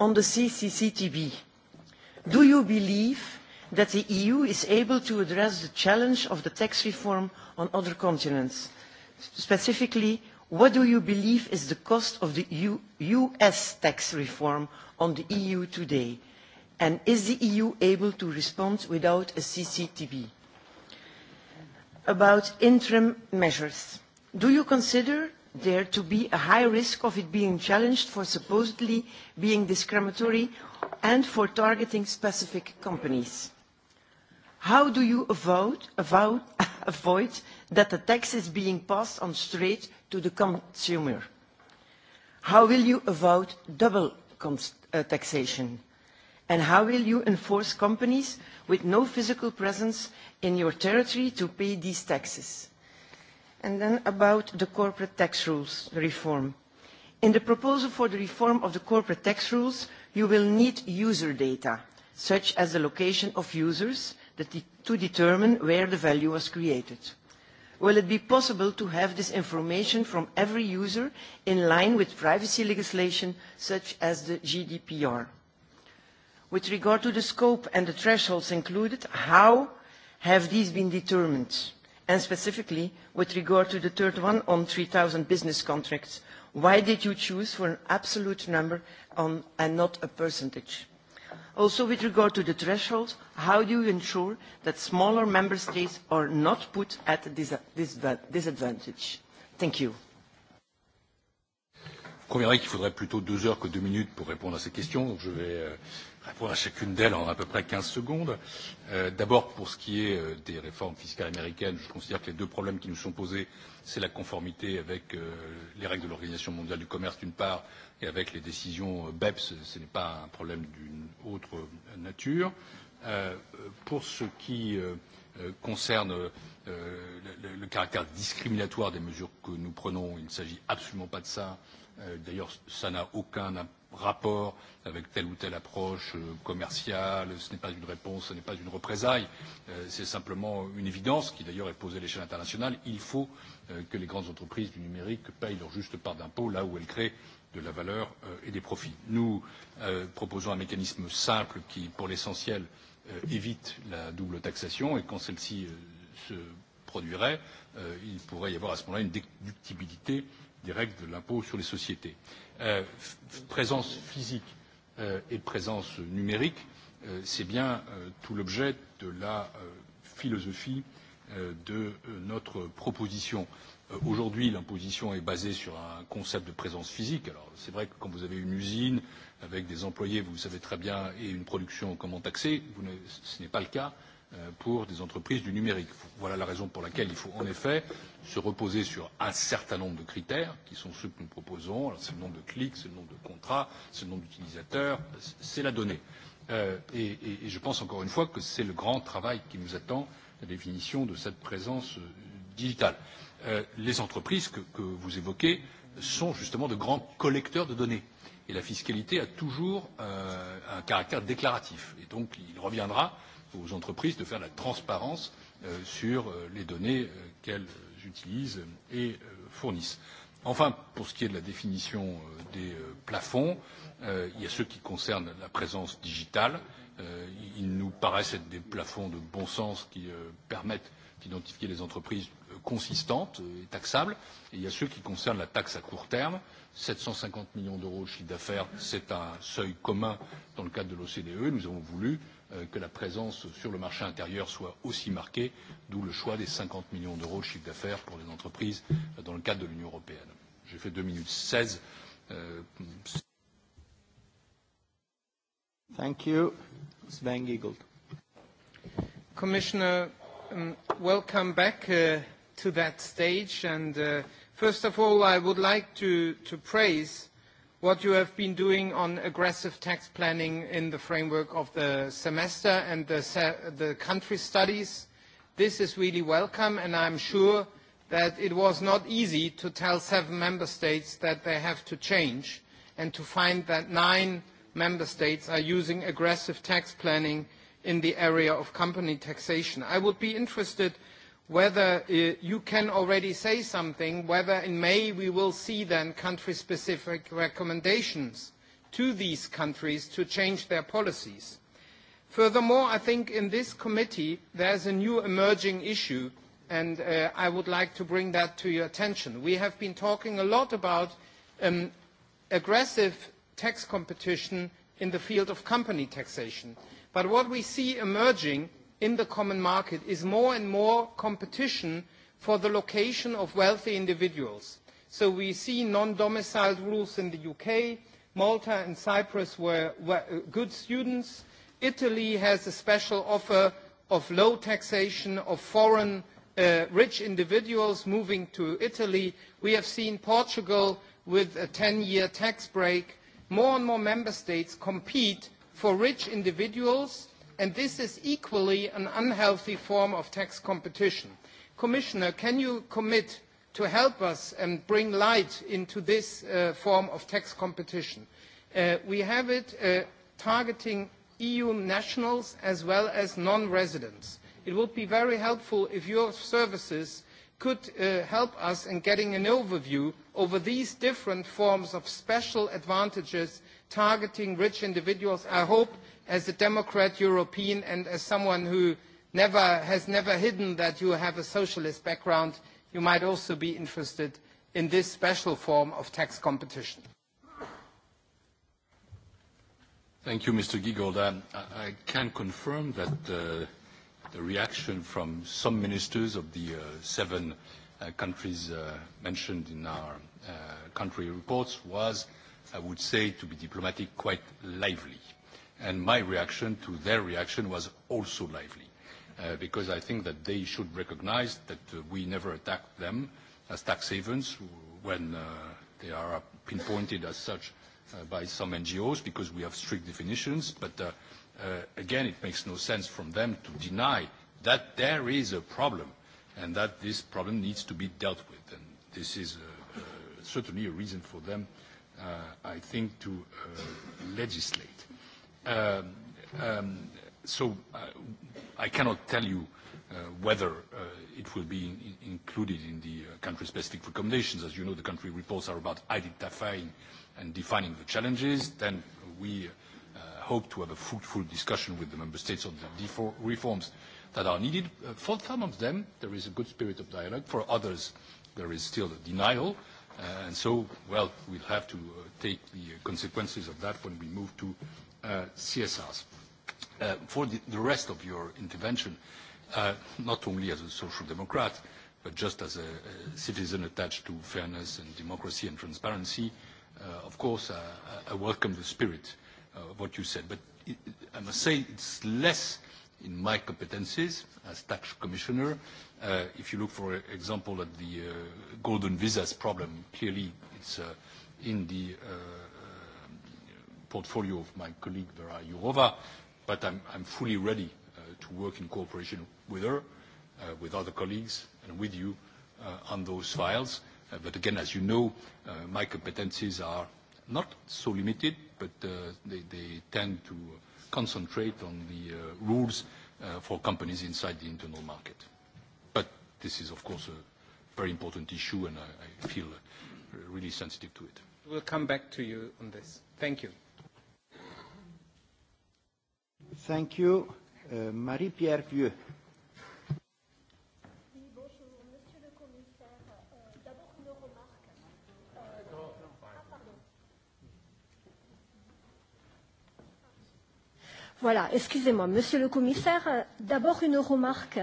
On the CCCTB, do you believe that the EU is able to address the challenge of the tax reform on other continents? Specifically, what do you believe is the cost of the US tax reform on the EU today? And is the EU able to respond without a CCTB? about interim measures. Do you consider there to be a high risk of it being challenged for supposedly being discriminatory and for targeting specific companies? How do you avoid, avoid, avoid that the tax is being passed on straight to the consumer? How will you avoid double uh, taxation? and how will you enforce companies with no physical presence in your territory to pay these taxes? And then about the corporate tax rules reform. In the proposal for the reform of the corporate tax rules, you will need user data, such as the location of users, to determine where the value was created. Will it be possible to have this information from every user in line with privacy legislation such as the GDPR? with regard to the scope and the thresholds included, how have these been determined? And specifically, with regard to the third one on 3,000 business contracts, why did you choose for an absolute number on, and not a percentage? Also, with regard to the thresholds, how do you ensure that smaller member states are not put at a dis dis disadvantage? Thank you. Vous conviendrez qu'il faudrait plutôt deux heures que deux minutes pour répondre à ces questions, donc je vais euh, répondre ah, à chacune d'elles en à peu près quinze secondes. Euh, D'abord, pour ce qui est euh, des réformes fiscales américaines, je considère que les deux problèmes qui nous sont posés, c'est la conformité avec euh, les règles de l'Organisation mondiale du commerce d'une part et avec les décisions euh, BEPS, ce n'est pas un problème d'une autre euh, nature. Euh, pour ce qui concerne le, le caractère discriminatoire des mesures que nous prenons, il ne s'agit absolument pas de ça. D'ailleurs, ça n'a aucun impact rapport avec telle ou telle approche euh, commerciale, ce n'est pas une réponse, ce n'est pas une représaille, euh, c'est simplement une évidence qui d'ailleurs est posée à l'échelle internationale. Il faut euh, que les grandes entreprises du numérique paient leur juste part d'impôts là où elles créent de la valeur et des profits. Nous proposons un mécanisme simple qui, pour l'essentiel, évite la double taxation et quand celle-ci se produirait, il pourrait y avoir à ce moment-là une déductibilité euh, des règles de l'impôt sur les sociétés. Euh, présence physique euh, et présence numérique, euh, c'est bien euh, tout l'objet de la euh, philosophie euh, de notre proposition. Aujourd'hui, l'imposition est basée sur un concept de présence physique. Alors, c'est vrai que quand vous avez une usine avec des employés, vous savez très bien, et une production, comment taxer. Vous ne, ce n'est pas le cas Euh, pour des entreprises du numérique. Voilà la raison pour laquelle il faut en effet se reposer sur un certain nombre de critères qui sont ceux que nous proposons. C'est le nombre de clics, c'est le nombre de contrats, c'est le nombre d'utilisateurs, c'est la donnée. Euh, et, et, et je pense encore une fois que c'est le grand travail qui nous attend, la définition de cette présence euh, digitale. Euh, les entreprises que, que vous évoquez sont justement de grands collecteurs de données. Et la fiscalité a toujours euh, un caractère déclaratif. Et donc, il reviendra euh, aux entreprises de faire de la transparence euh, sur euh, les données euh, qu'elles utilisent et fournissent. enfin pour ce qui est de la définition des plafonds il y a ceux qui concernent la présence digitale ils nous paraissent être des plafonds de bon sens qui permettent d'identifier les entreprises consistantes et taxables et il y a ceux qui concernent la taxe à court terme sept cent cinquante millions d'euros de chiffre d'affaires c'est un seuil commun dans le cadre de l'ocde nous avons voulu Euh, que la présence sur le marché intérieur soit aussi marquée, d'où le choix des 50 millions d'euros de chiffre d'affaires pour les entreprises euh, dans le cadre de l'Union européenne. J'ai fait 2 minutes 16. Euh, Thank you. Sven Giegold. Commissioner, um, welcome back uh, to that stage. And uh, first of all, I would like to, to praise what you have been doing on aggressive tax planning in the framework of the semester and the, se the country studies. This is really welcome, and I'm sure that it was not easy to tell seven member states that they have to change and to find that nine member states are using aggressive tax planning in the area of company taxation. I would be interested whether uh, you can already say something, whether in May we will see then country-specific recommendations to these countries to change their policies. Furthermore, I think in this committee there is a new emerging issue, and uh, I would like to bring that to your attention. We have been talking a lot about um, aggressive tax competition in the field of company taxation. But what we see emerging in the common market is more and more competition for the location of wealthy individuals. So we see non-domiciled rules in the UK, Malta and Cyprus were, were good students. Italy has a special offer of low taxation of foreign uh, rich individuals moving to Italy. We have seen Portugal with a 10-year tax break. More and more member states compete for rich individuals and this is equally an unhealthy form of tax competition. Commissioner, can you commit to help us and bring light into this uh, form of tax competition? Uh, we have it uh, targeting EU nationals as well as non-residents. It would be very helpful if your services could uh, help us in getting an overview over these different forms of special advantages targeting rich individuals. I hope, as a Democrat, European, and as someone who never, has never hidden that you have a socialist background, you might also be interested in this special form of tax competition. Thank you, Mr. Giegold. Um, I, I can confirm that uh, the reaction from some ministers of the uh, seven uh, countries uh, mentioned in our uh, country reports was uh, i would say, to be diplomatic, quite lively. And my reaction to their reaction was also lively, uh, because I think that they should recognize that uh, we never attack them as tax havens when uh, they are pinpointed as such uh, by some NGOs, because we have strict definitions. But uh, uh, again, it makes no sense from them to deny that there is a problem and that this problem needs to be dealt with. And this is uh, uh, certainly a reason for them uh, Uh, I think, to uh, legislate. Um, um, so uh, I cannot tell you whether it will be in included in the country-specific recommendations. As you know, the country reports are about identifying and defining the challenges. Then we hope to have a fruitful discussion with the member states on the reforms that are needed. For some of them, there is a good spirit of dialogue. For others, there is still a denial. Uh, and so, well, we'll have to uh, take the uh, consequences of that when we move to CSRs. for the, the rest of your intervention, not only as a social democrat, but just as a, citizen attached to fairness and democracy and transparency, of course, I welcome the spirit of what you said. But I must say it's less in my competencies as tax commissioner. Uh, if you look, for example, at the uh, golden visas problem, clearly it's uh, in the uh, portfolio of my colleague, Vera Jourova, but I'm, I'm fully ready uh, to work in cooperation with her, uh, with other colleagues, and with you on those files. But again, as you know, my competencies are not so limited, but they, they tend to concentrate on the uh, rules uh, for companies inside the internal market. But this is, of course, a very important issue, and I, feel uh, really sensitive to it. We'll come back to you on this. Thank you. Thank you. Uh, Marie-Pierre Vieux. Voilà, excusez-moi, Monsieur le Commissaire, euh, d'abord une remarque.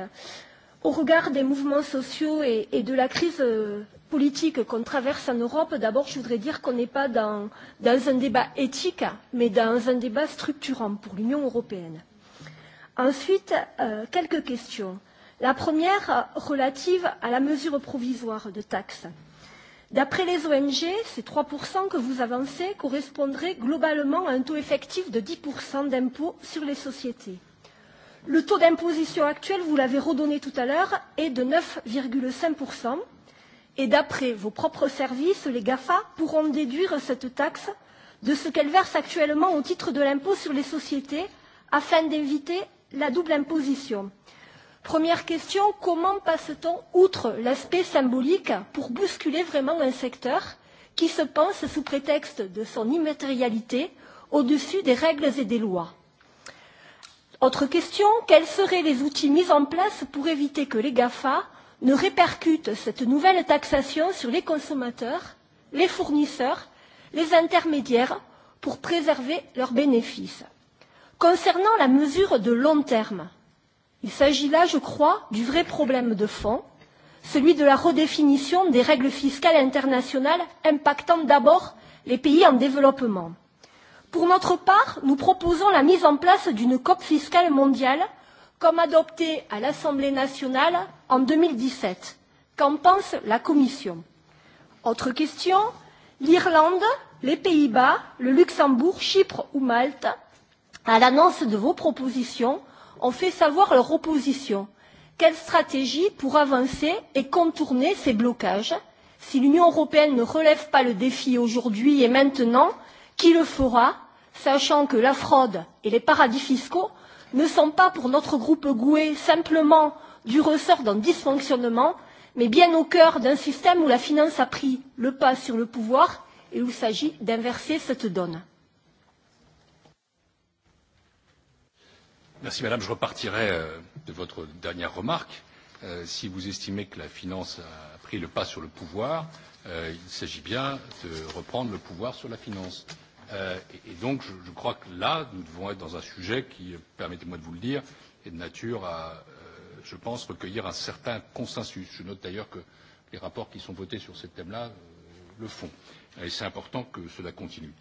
Au regard des mouvements sociaux et, et de la crise euh, politique qu'on traverse en Europe, d'abord je voudrais dire qu'on n'est pas dans, dans un débat éthique, mais dans un débat structurant pour l'Union européenne. Ensuite, euh, quelques questions. La première euh, relative à la mesure provisoire de taxes. D'après les ONG, ces 3% que vous avancez correspondraient globalement à un taux effectif de 10% d'impôt sur les sociétés. Le taux d'imposition actuel, vous l'avez redonné tout à l'heure, est de 9,5%. Et d'après vos propres services, les GAFA pourront déduire cette taxe de ce qu'elles versent actuellement au titre de l'impôt sur les sociétés afin d'éviter la double imposition. Première question, comment passe-t-on outre l'aspect symbolique pour bousculer vraiment un secteur qui se pense sous prétexte de son immatérialité au-dessus des règles et des lois Autre question, quels seraient les outils mis en place pour éviter que les GAFA ne répercutent cette nouvelle taxation sur les consommateurs, les fournisseurs, les intermédiaires pour préserver leurs bénéfices Concernant la mesure de long terme, Il s'agit là, je crois, du vrai problème de fond, celui de la redéfinition des règles fiscales internationales impactant d'abord les pays en développement. Pour notre part, nous proposons la mise en place d'une COP fiscale mondiale, comme adoptée à l'Assemblée nationale en 2017. Qu'en pense la Commission Autre question, l'Irlande, les Pays-Bas, le Luxembourg, Chypre ou Malte, à l'annonce de vos propositions, ont fait savoir leur opposition. Quelle stratégie pour avancer et contourner ces blocages Si l'Union européenne ne relève pas le défi aujourd'hui et maintenant, qui le fera, sachant que la fraude et les paradis fiscaux ne sont pas pour notre groupe goué simplement du ressort d'un dysfonctionnement, mais bien au cœur d'un système où la finance a pris le pas sur le pouvoir et où il s'agit d'inverser cette donne. Merci Madame. Je repartirai euh, de votre dernière remarque. Euh, si vous estimez que la finance a pris le pas sur le pouvoir, euh, il s'agit bien de reprendre le pouvoir sur la finance. Et donc, je crois que là, nous devons être dans un sujet qui, permettez-moi de vous le dire, est de nature à, je pense, recueillir un certain consensus. Je note d'ailleurs que les rapports qui sont votés sur ce thème-là le font. Et c'est important que cela continue.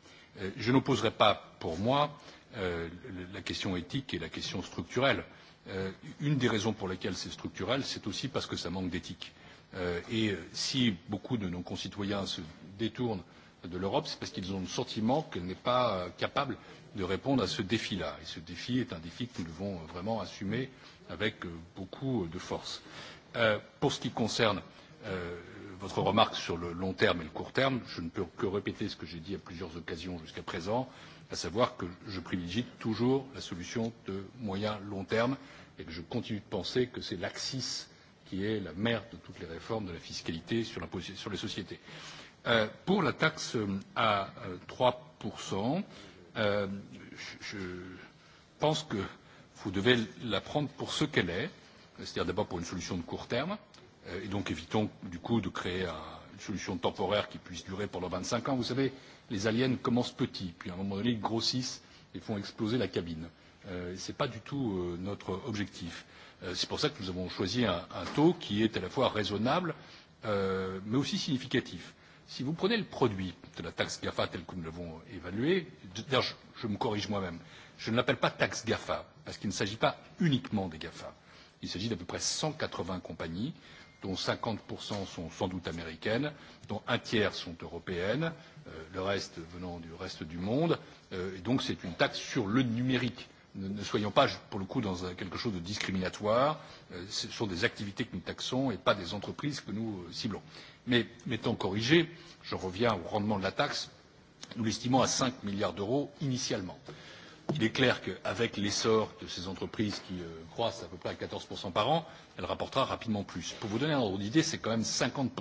Je n'opposerai pas, pour moi, Euh, la question éthique et la question structurelle. Euh, une des raisons pour lesquelles c'est structurel, c'est aussi parce que ça manque d'éthique. Euh, et si beaucoup de nos concitoyens se détournent de l'Europe, c'est parce qu'ils ont le sentiment qu'elle n'est pas capable de répondre à ce défi-là. Et ce défi est un défi que nous devons vraiment assumer avec beaucoup de force. Pour ce qui concerne votre remarque sur le long terme et le court terme, je ne peux que répéter ce que j'ai dit à plusieurs occasions jusqu'à présent à savoir que je privilégie toujours la solution de moyen long terme et que je continue de penser que c'est l'AXIS qui est la mère de toutes les réformes de la fiscalité sur sur les sociétés. Euh, pour la taxe euh, à euh, trois euh, je pense que vous devez la prendre pour ce qu'elle est, c'est-à-dire d'abord pour une solution de court terme, euh, et donc évitons du coup de créer un une solution temporaire qui puisse durer pendant vingt cinq ans. vous savez les aliens commencent petits puis à un moment donné ils grossissent et font exploser la cabine. Euh, ce n'est pas du tout euh, notre objectif. Euh, c'est pour cela que nous avons choisi un, un taux qui est à la fois raisonnable mais aussi significatif. si vous prenez le produit de la taxe gafa tel que nous l'avons évalué d'ailleurs je, je me corrige moi même je ne l'appelle pas taxe gafa parce qu'il ne s'agit pas uniquement des gafa il s'agit d'à peu près cent quatre vingts compagnies dont 50% sont sans doute américaines, dont un tiers sont européennes, euh, le reste venant du reste du monde. Euh, et donc c'est une taxe sur le numérique. Ne, soyons pas, pour le coup, dans quelque chose de discriminatoire. Euh, ce sont des activités que nous taxons et pas des entreprises que nous ciblons. Mais m'étant corrigé, je reviens au rendement de la taxe. Nous l'estimons à 5 milliards d'euros initialement. Euh, il est clair qu'avec l'essor de ces entreprises qui euh, croissent à peu près à quatorze par an elle rapportera rapidement plus. pour vous donner un ordre d'idée c'est quand même cinquante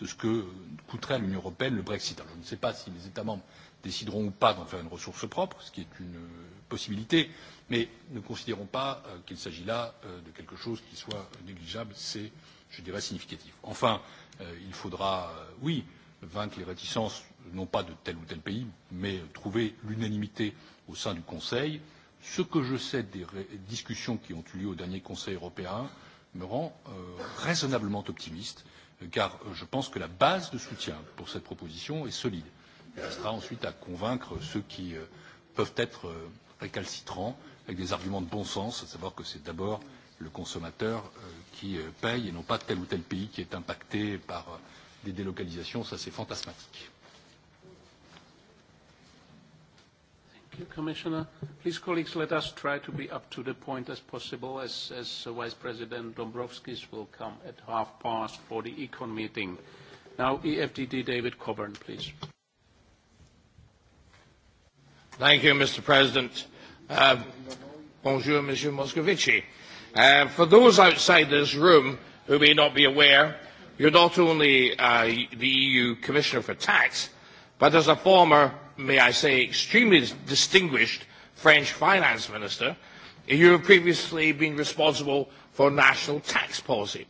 de ce que coûterait à l'union européenne le brexit. Alors je ne sais pas si les états membres décideront ou pas d'en faire une ressource propre ce qui est une euh, possibilité mais ne considérons pas euh, qu'il s'agit là de quelque chose qui soit négligeable c'est je dirais significatif. enfin il faudra oui vaincre les réticences non pas de tel ou tel pays mais trouver l'unanimité au sein du Conseil. Ce que je sais des discussions qui ont eu lieu au dernier Conseil européen me rend euh, raisonnablement optimiste, car euh, je pense que la base de soutien pour cette proposition est solide. Il restera ensuite à convaincre ceux qui euh, peuvent être récalcitrants avec des arguments de bon sens, à savoir que c'est d'abord le consommateur qui paye et non pas tel ou tel pays qui est impacté par des délocalisations. Ça, c'est fantasmatique. you, Commissioner. Please, colleagues, let us try to be up to the point as possible, as, as Vice President Dombrovskis will come at half past for the Econ meeting. Now, EFDD David Coburn, please. Thank you, Mr. President. Uh, bonjour, Monsieur Moscovici. Uh, for those outside this room who may not be aware, you're not only uh, the EU Commissioner for Tax, but as a former may I say, extremely distinguished French finance minister, you have previously been responsible for national tax policy.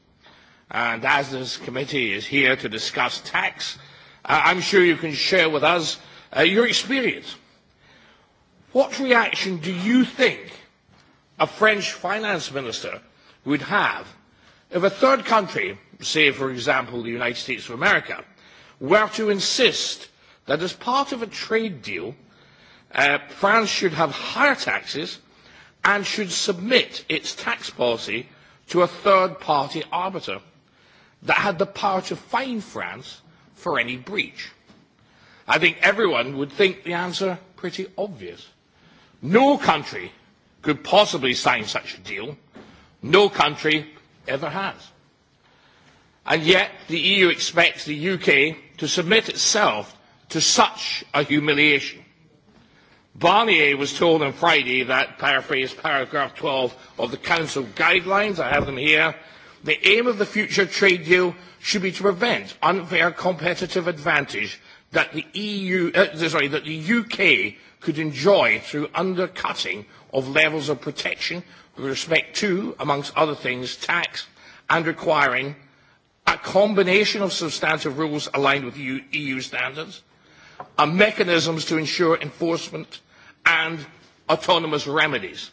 And as this committee is here to discuss tax, uh, I'm sure you can share with us uh, your experience. What reaction do you think a French finance minister would have if a third country, say for example the United States of America, were to insist that as part of a trade deal, uh, France should have higher taxes and should submit its tax policy to a third-party arbiter that had the power to fine France for any breach. I think everyone would think the answer pretty obvious. No country could possibly sign such a deal. No country ever has. And yet the EU expects the UK to submit itself to such a humiliation. Barnier was told on Friday that, paraphrase paragraph 12 of the Council guidelines, I have them here, the aim of the future trade deal should be to prevent unfair competitive advantage that the, EU, uh, sorry, that the UK could enjoy through undercutting of levels of protection with respect to, amongst other things, tax and requiring a combination of substantive rules aligned with EU, EU standards, and mechanisms to ensure enforcement and autonomous remedies.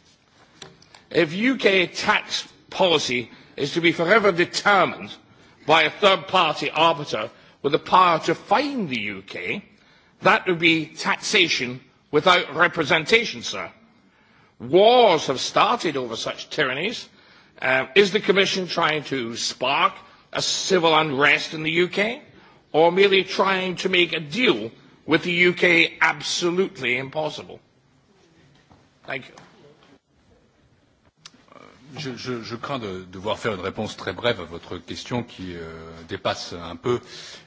If UK tax policy is to be forever determined by a third party arbiter with the power to fine the UK, that would be taxation without representation, sir. Wars have started over such tyrannies. Uh, is the Commission trying to spark a civil unrest in the UK or merely trying to make a deal With the UK, absolutely impossible. Thank you. Euh, je, je, je crains de devoir faire une réponse très brève à votre question qui euh, dépasse un peu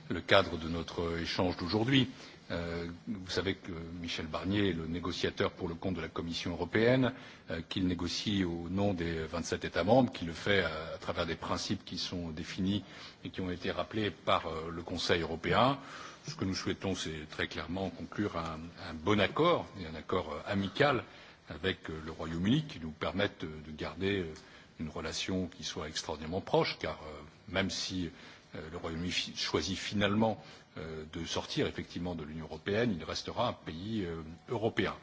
le cadre de notre échange d'aujourd'hui. Euh, vous savez que Michel Barnier est le négociateur pour le compte de la Commission européenne, euh, qu'il négocie au nom des 27 États membres, qu'il le fait à, à travers des principes qui sont définis et qui ont été rappelés par euh, le Conseil européen. Euh, Ce que nous souhaitons, c'est très clairement conclure un, un bon accord et un accord euh, amical avec euh, le Royaume-Uni qui nous permette euh, de garder une relation qui soit extraordinairement proche, car même si le Royaume-Uni choisit finalement de sortir effectivement de l'Union européenne, il restera un pays européen.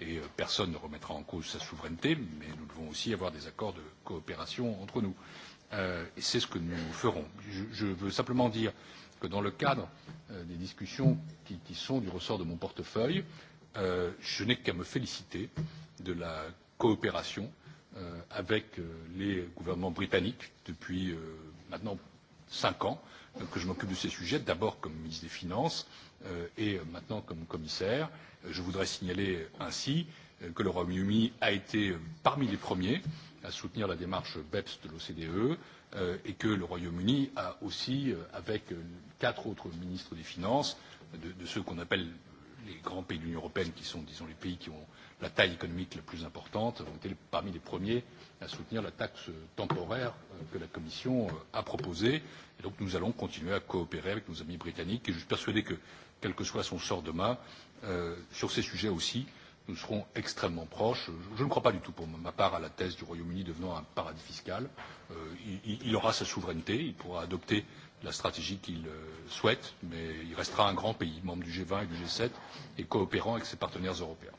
Et personne ne remettra en cause sa souveraineté, mais nous devons aussi avoir des accords de coopération entre nous. Et c'est ce que nous ferons. Je, veux simplement dire que dans le cadre euh, des discussions qui, qui sont du ressort de mon portefeuille euh, je n'ai qu'à me féliciter de la coopération euh, avec les gouvernements britanniques depuis maintenant cinq ans que je m'occupe de ces sujets d'abord comme ministre des finances et maintenant comme commissaire. je voudrais signaler ainsi que le royaume uni a été parmi les premiers à soutenir la démarche beps de l'ocde Euh, et que le Royaume-Uni a aussi, euh, avec euh, quatre autres ministres des Finances, de, de ceux qu'on appelle les grands pays de l'Union européenne, qui sont, disons, les pays qui ont la taille économique la plus importante, ont été parmi les premiers à soutenir la taxe temporaire que la Commission a proposée. Et donc nous allons continuer à coopérer avec nos amis britanniques et je suis persuadé que, quel que soit son sort demain, euh, sur ces sujets aussi, nous serons extrêmement proches. Je ne crois pas du tout, pour ma part, à la thèse du Royaume-Uni devenant un paradis fiscal. Euh, il, aura sa souveraineté, il pourra adopter la stratégie qu'il euh, souhaite, mais il restera un grand pays, membre du G20 et du G7, et coopérant avec ses partenaires européens.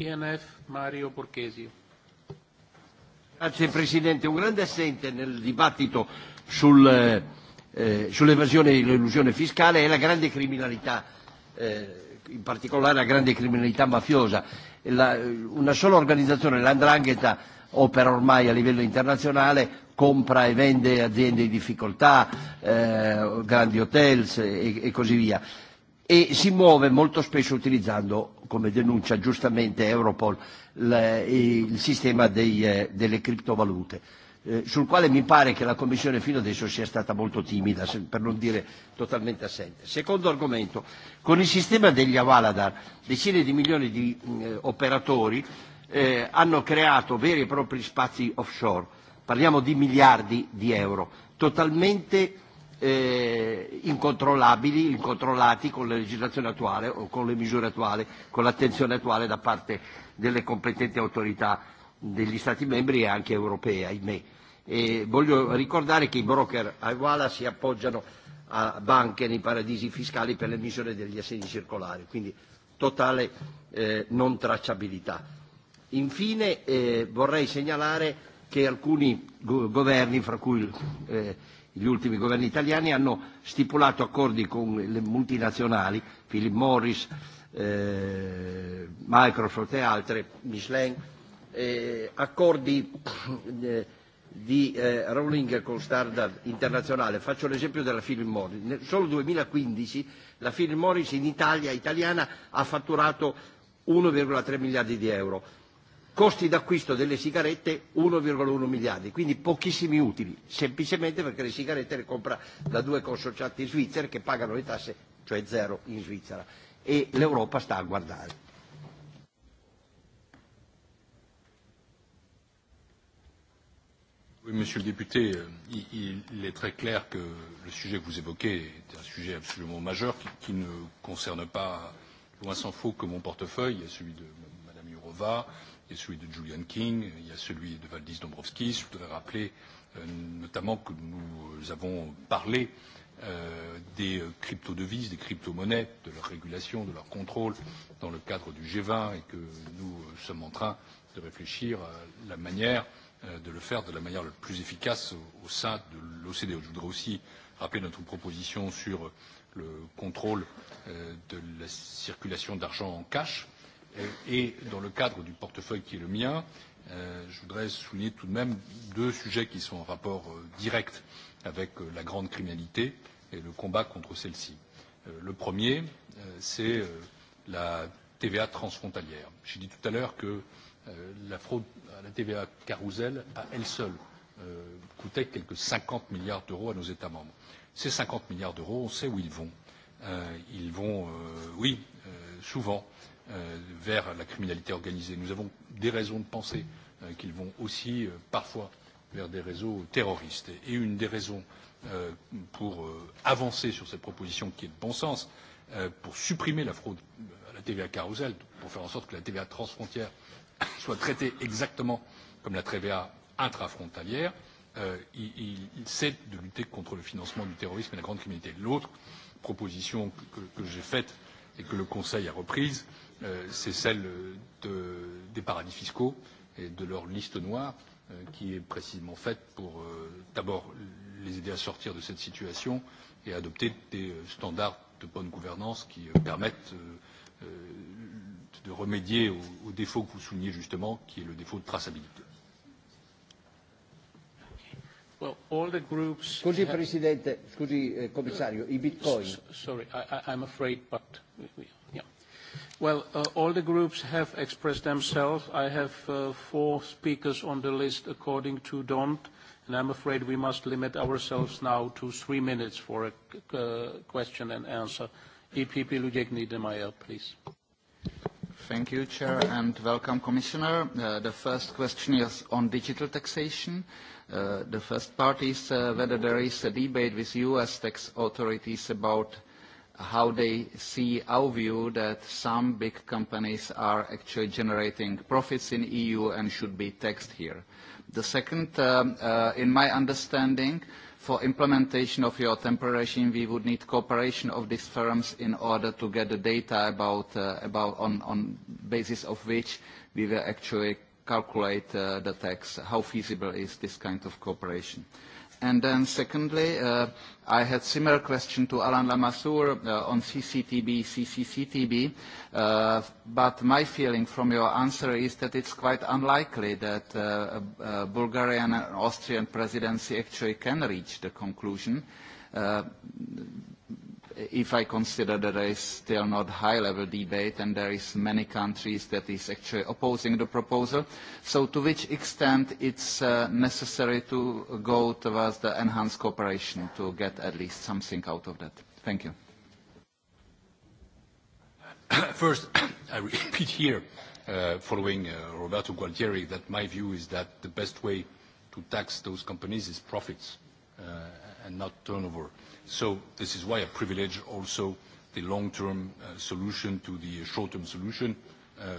INF e Mario Borghesio. Grazie Presidente, un grande assente nel dibattito sul, eh, sull'evasione e l'illusione fiscale è e la grande criminalità eh, in particolare a grande criminalità mafiosa. La, una sola organizzazione, l'Andrangheta, opera ormai a livello internazionale, compra e vende aziende in difficoltà, eh, grandi hotels e, e così via. E si muove molto spesso utilizzando, come denuncia giustamente Europol, le, il sistema dei, eh, delle criptovalute eh, sul quale mi pare che la Commissione fino adesso sia stata molto timida, per non dire totalmente assente. Secondo argomento, con il sistema degli Avaladar decine di milioni di eh, operatori eh, hanno creato veri e propri spazi offshore, parliamo di miliardi di euro, totalmente eh, incontrollabili, incontrollati con la legislazione attuale o con le misure attuali, con l'attenzione attuale da parte delle competenti autorità degli Stati membri e anche europee, ahimè. E voglio ricordare che i broker a Iguala si appoggiano a banche nei paradisi fiscali per l'emissione degli assegni circolari, quindi totale eh, non tracciabilità. Infine eh, vorrei segnalare che alcuni go- governi, fra cui eh, gli ultimi governi italiani, hanno stipulato accordi con le multinazionali, Philip Morris, eh, Microsoft e altre, Michelin, eh, accordi eh, di eh, rolling con standard internazionale. Faccio l'esempio della Philip Morris. Nel solo 2015 la Philip Morris in Italia, italiana, ha fatturato 1,3 miliardi di euro. Costi d'acquisto delle sigarette 1,1 miliardi, quindi pochissimi utili, semplicemente perché le sigarette le compra da due consociati svizzeri che pagano le tasse, cioè zero in Svizzera. E l'Europa sta a guardare. Oui, monsieur le député, euh, il, il est très clair que le sujet que vous évoquez est un sujet absolument majeur qui, qui ne concerne pas, loin s'en faut, que mon portefeuille. Il y a celui de Mme Jourova, il y a celui de Julian King, il y a celui de Valdis Dombrovski. Je voudrais rappeler euh, notamment que nous avons parlé euh, des crypto-devises, des crypto-monnaies, de leur régulation, de leur contrôle dans le cadre du G20 et que nous euh, sommes en train de réfléchir à la manière euh, Euh, de le faire de la manière la plus efficace au sein de l'OCDE. Je voudrais aussi rappeler notre proposition sur le contrôle euh, de la circulation d'argent en cash euh, et dans le cadre du portefeuille qui est le mien, je voudrais souligner tout de même deux sujets qui sont en rapport direct avec la grande criminalité et le combat contre celle-ci. Le premier, c'est la TVA transfrontalière. J'ai dit tout à l'heure que Euh, la fraude à la tva carrousel à elle seule euh, coûtait quelque cinquante milliards d'euros à nos états membres. ces cinquante milliards d'euros on sait où ils vont. Euh, ils vont oui souvent vers la criminalité organisée. nous avons des raisons de penser qu'ils vont aussi parfois vers des réseaux terroristes et une des raisons pour avancer sur cette proposition qui est de bon sens pour supprimer la fraude à la tva carrousel pour faire en sorte que la tva transfrontière soit traité exactement comme la tva intrafrontalière c'est euh, de lutter contre le financement du terrorisme et de la grande criminalité. l'autre proposition que j'ai faite et que le conseil a reprise euh, c'est celle des paradis fiscaux et de leur liste noire euh, qui est précisément faite pour d'abord les aider à sortir de cette situation et adopter des standards de bonne gouvernance qui permettent de remédier au, au défaut que vous soulignez justement, qui est le défaut de traçabilité. all the groups scusi have... Presidente, scusi eh, Commissario, i bitcoin. S sorry, I, I'm afraid, but... Yeah. Well, uh, all the groups have expressed themselves. I have uh, four speakers on the list according to DONT, and I'm afraid we must limit ourselves now to three minutes for a uh, question and answer. EPP Luděk Niedermayer, please. Thank you, Chair, and welcome, Commissioner. Uh, the first question is on digital taxation. Uh, the first part is uh, whether there is a debate with U.S. tax authorities about how they see our view that some big companies are actually generating profits in EU and should be taxed here. The second, um, uh, in my understanding, For implementation of your temporary regime, we would need cooperation of these firms in order to get the data about, uh, about on, on basis of which we will actually calculate uh, the tax, how feasible is this kind of cooperation. Uh, And then secondly, uh, I had similar question to Alain Lamassoure uh, on CCTB, CCCTB, uh, but my feeling from your answer is that it's quite unlikely that uh, uh, Bulgarian and Austrian presidency actually can reach the conclusion. Uh, if I consider that there is still not high-level debate and there is many countries that is actually opposing the proposal. So to which extent it's uh, necessary to go towards the enhanced cooperation to get at least something out of that? Thank you. First, I repeat here, uh, following uh, Roberto Gualtieri, that my view is that the best way to tax those companies is profits uh, and not turnover. So this is why I privilege also the long-term uh, solution to the short-term solution uh,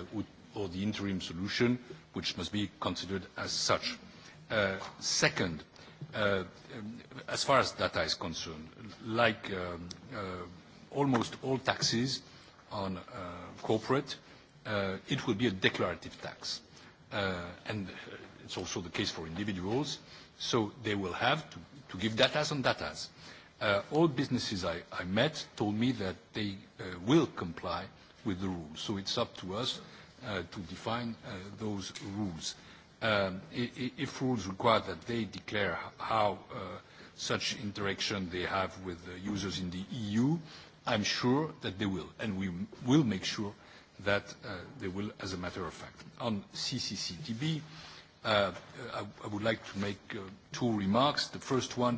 or the interim solution, which must be considered as such. Uh, second, um, as far as data is concerned, like um, almost all taxes on corporate, it will be a declarative tax. And it's also the case for individuals, so they will have to give data on data. Uh, all businesses I, I met told me that they uh, will comply with the rules. So it's up to us uh, to define those rules. Um, if rules require that they declare how such interaction they have with users in the EU, I'm sure that they will, and we will make sure that they will, as a matter of fact. On CCCTB, I, would like to make two remarks. The first one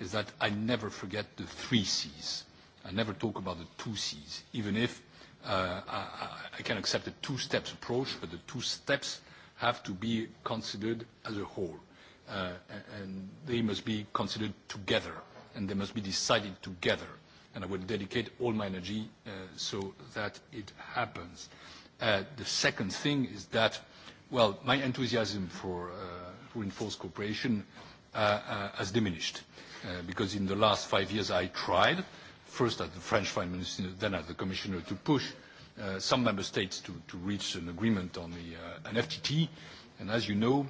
is that I never forget the three C's. I never talk about the two C's, even if uh, I, I can accept a two-steps approach, but the two steps have to be considered as a whole. Uh, and they must be considered together, and they must be decided together. And I will dedicate all my energy uh, so that it happens. Uh, the second thing is that, well, my enthusiasm for uh, reinforced cooperation Uh, uh, has diminished. Uh, because in the last five years I tried, first at the French Foreign Minister, then at the Commissioner, to push uh, some member states to, to, reach an agreement on the, an FTT. And as you know,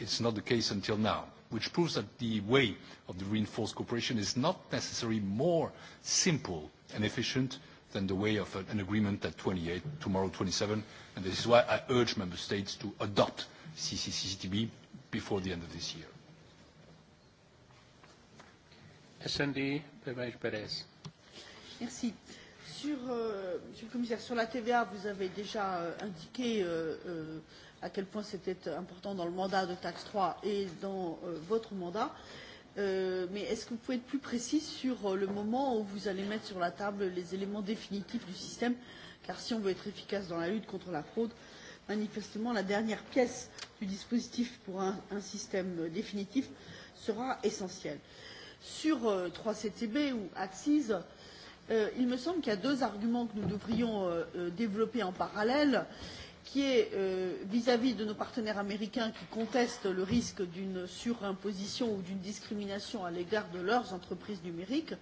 it's not the case until now which proves that the way of the reinforced cooperation is not necessarily more simple and efficient than the way of an agreement at 28, tomorrow 27, and this is why I urge member states to adopt CCCTB before the end of this year. Euh, monsieur le commissaire, sur la TVA, vous avez déjà euh, indiqué euh, à quel point c'était important dans le mandat de Taxe 3 et dans votre mandat. mais est-ce que vous pouvez être plus précis sur le moment où vous allez mettre sur la table les éléments définitifs du système Car si on veut être efficace dans la lutte contre la fraude, manifestement, la dernière pièce du dispositif pour un, un système définitif sera essentielle. Euh, Sur euh, trois ctb ou AXIS, euh, il me semble qu'il y a deux arguments que nous devrions euh, développer en parallèle qui est vis à vis de nos partenaires américains qui contestent le risque d'une surimposition ou d'une discrimination à l'égard de leurs entreprises numériques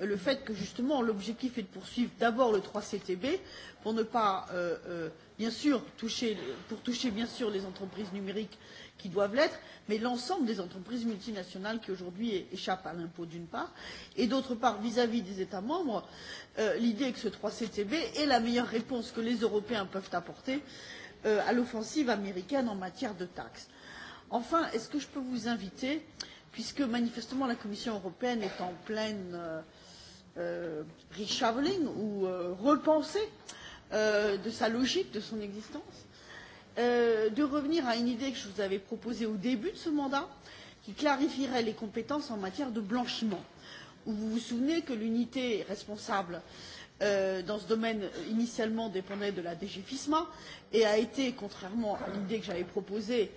le fait que justement l'objectif est de poursuivre d'abord le trois ctb pour ne pas bien sûr toucher pour toucher bien sûr les entreprises numériques qui doivent l'être, mais l'ensemble des entreprises multinationales qui aujourd'hui échappent à l'impôt d'une part, et d'autre part vis-à-vis -vis des États membres, euh, l'idée est que ce 3CTB est la meilleure réponse que les Européens peuvent apporter euh, à l'offensive américaine en matière de taxes. Enfin, est-ce que je peux vous inviter, puisque manifestement la Commission européenne est en pleine euh, euh, reshuffling ou euh, repensée euh, de sa logique, de son existence, euh, de revenir à une idée que je vous avais proposée au début de ce mandat, qui clarifierait les compétences en matière de blanchiment. Où vous vous souvenez que l'unité responsable euh, Euh, dans ce domaine initialement dépendait de la DG FISMA et a été, contrairement à l'idée que j'avais proposée,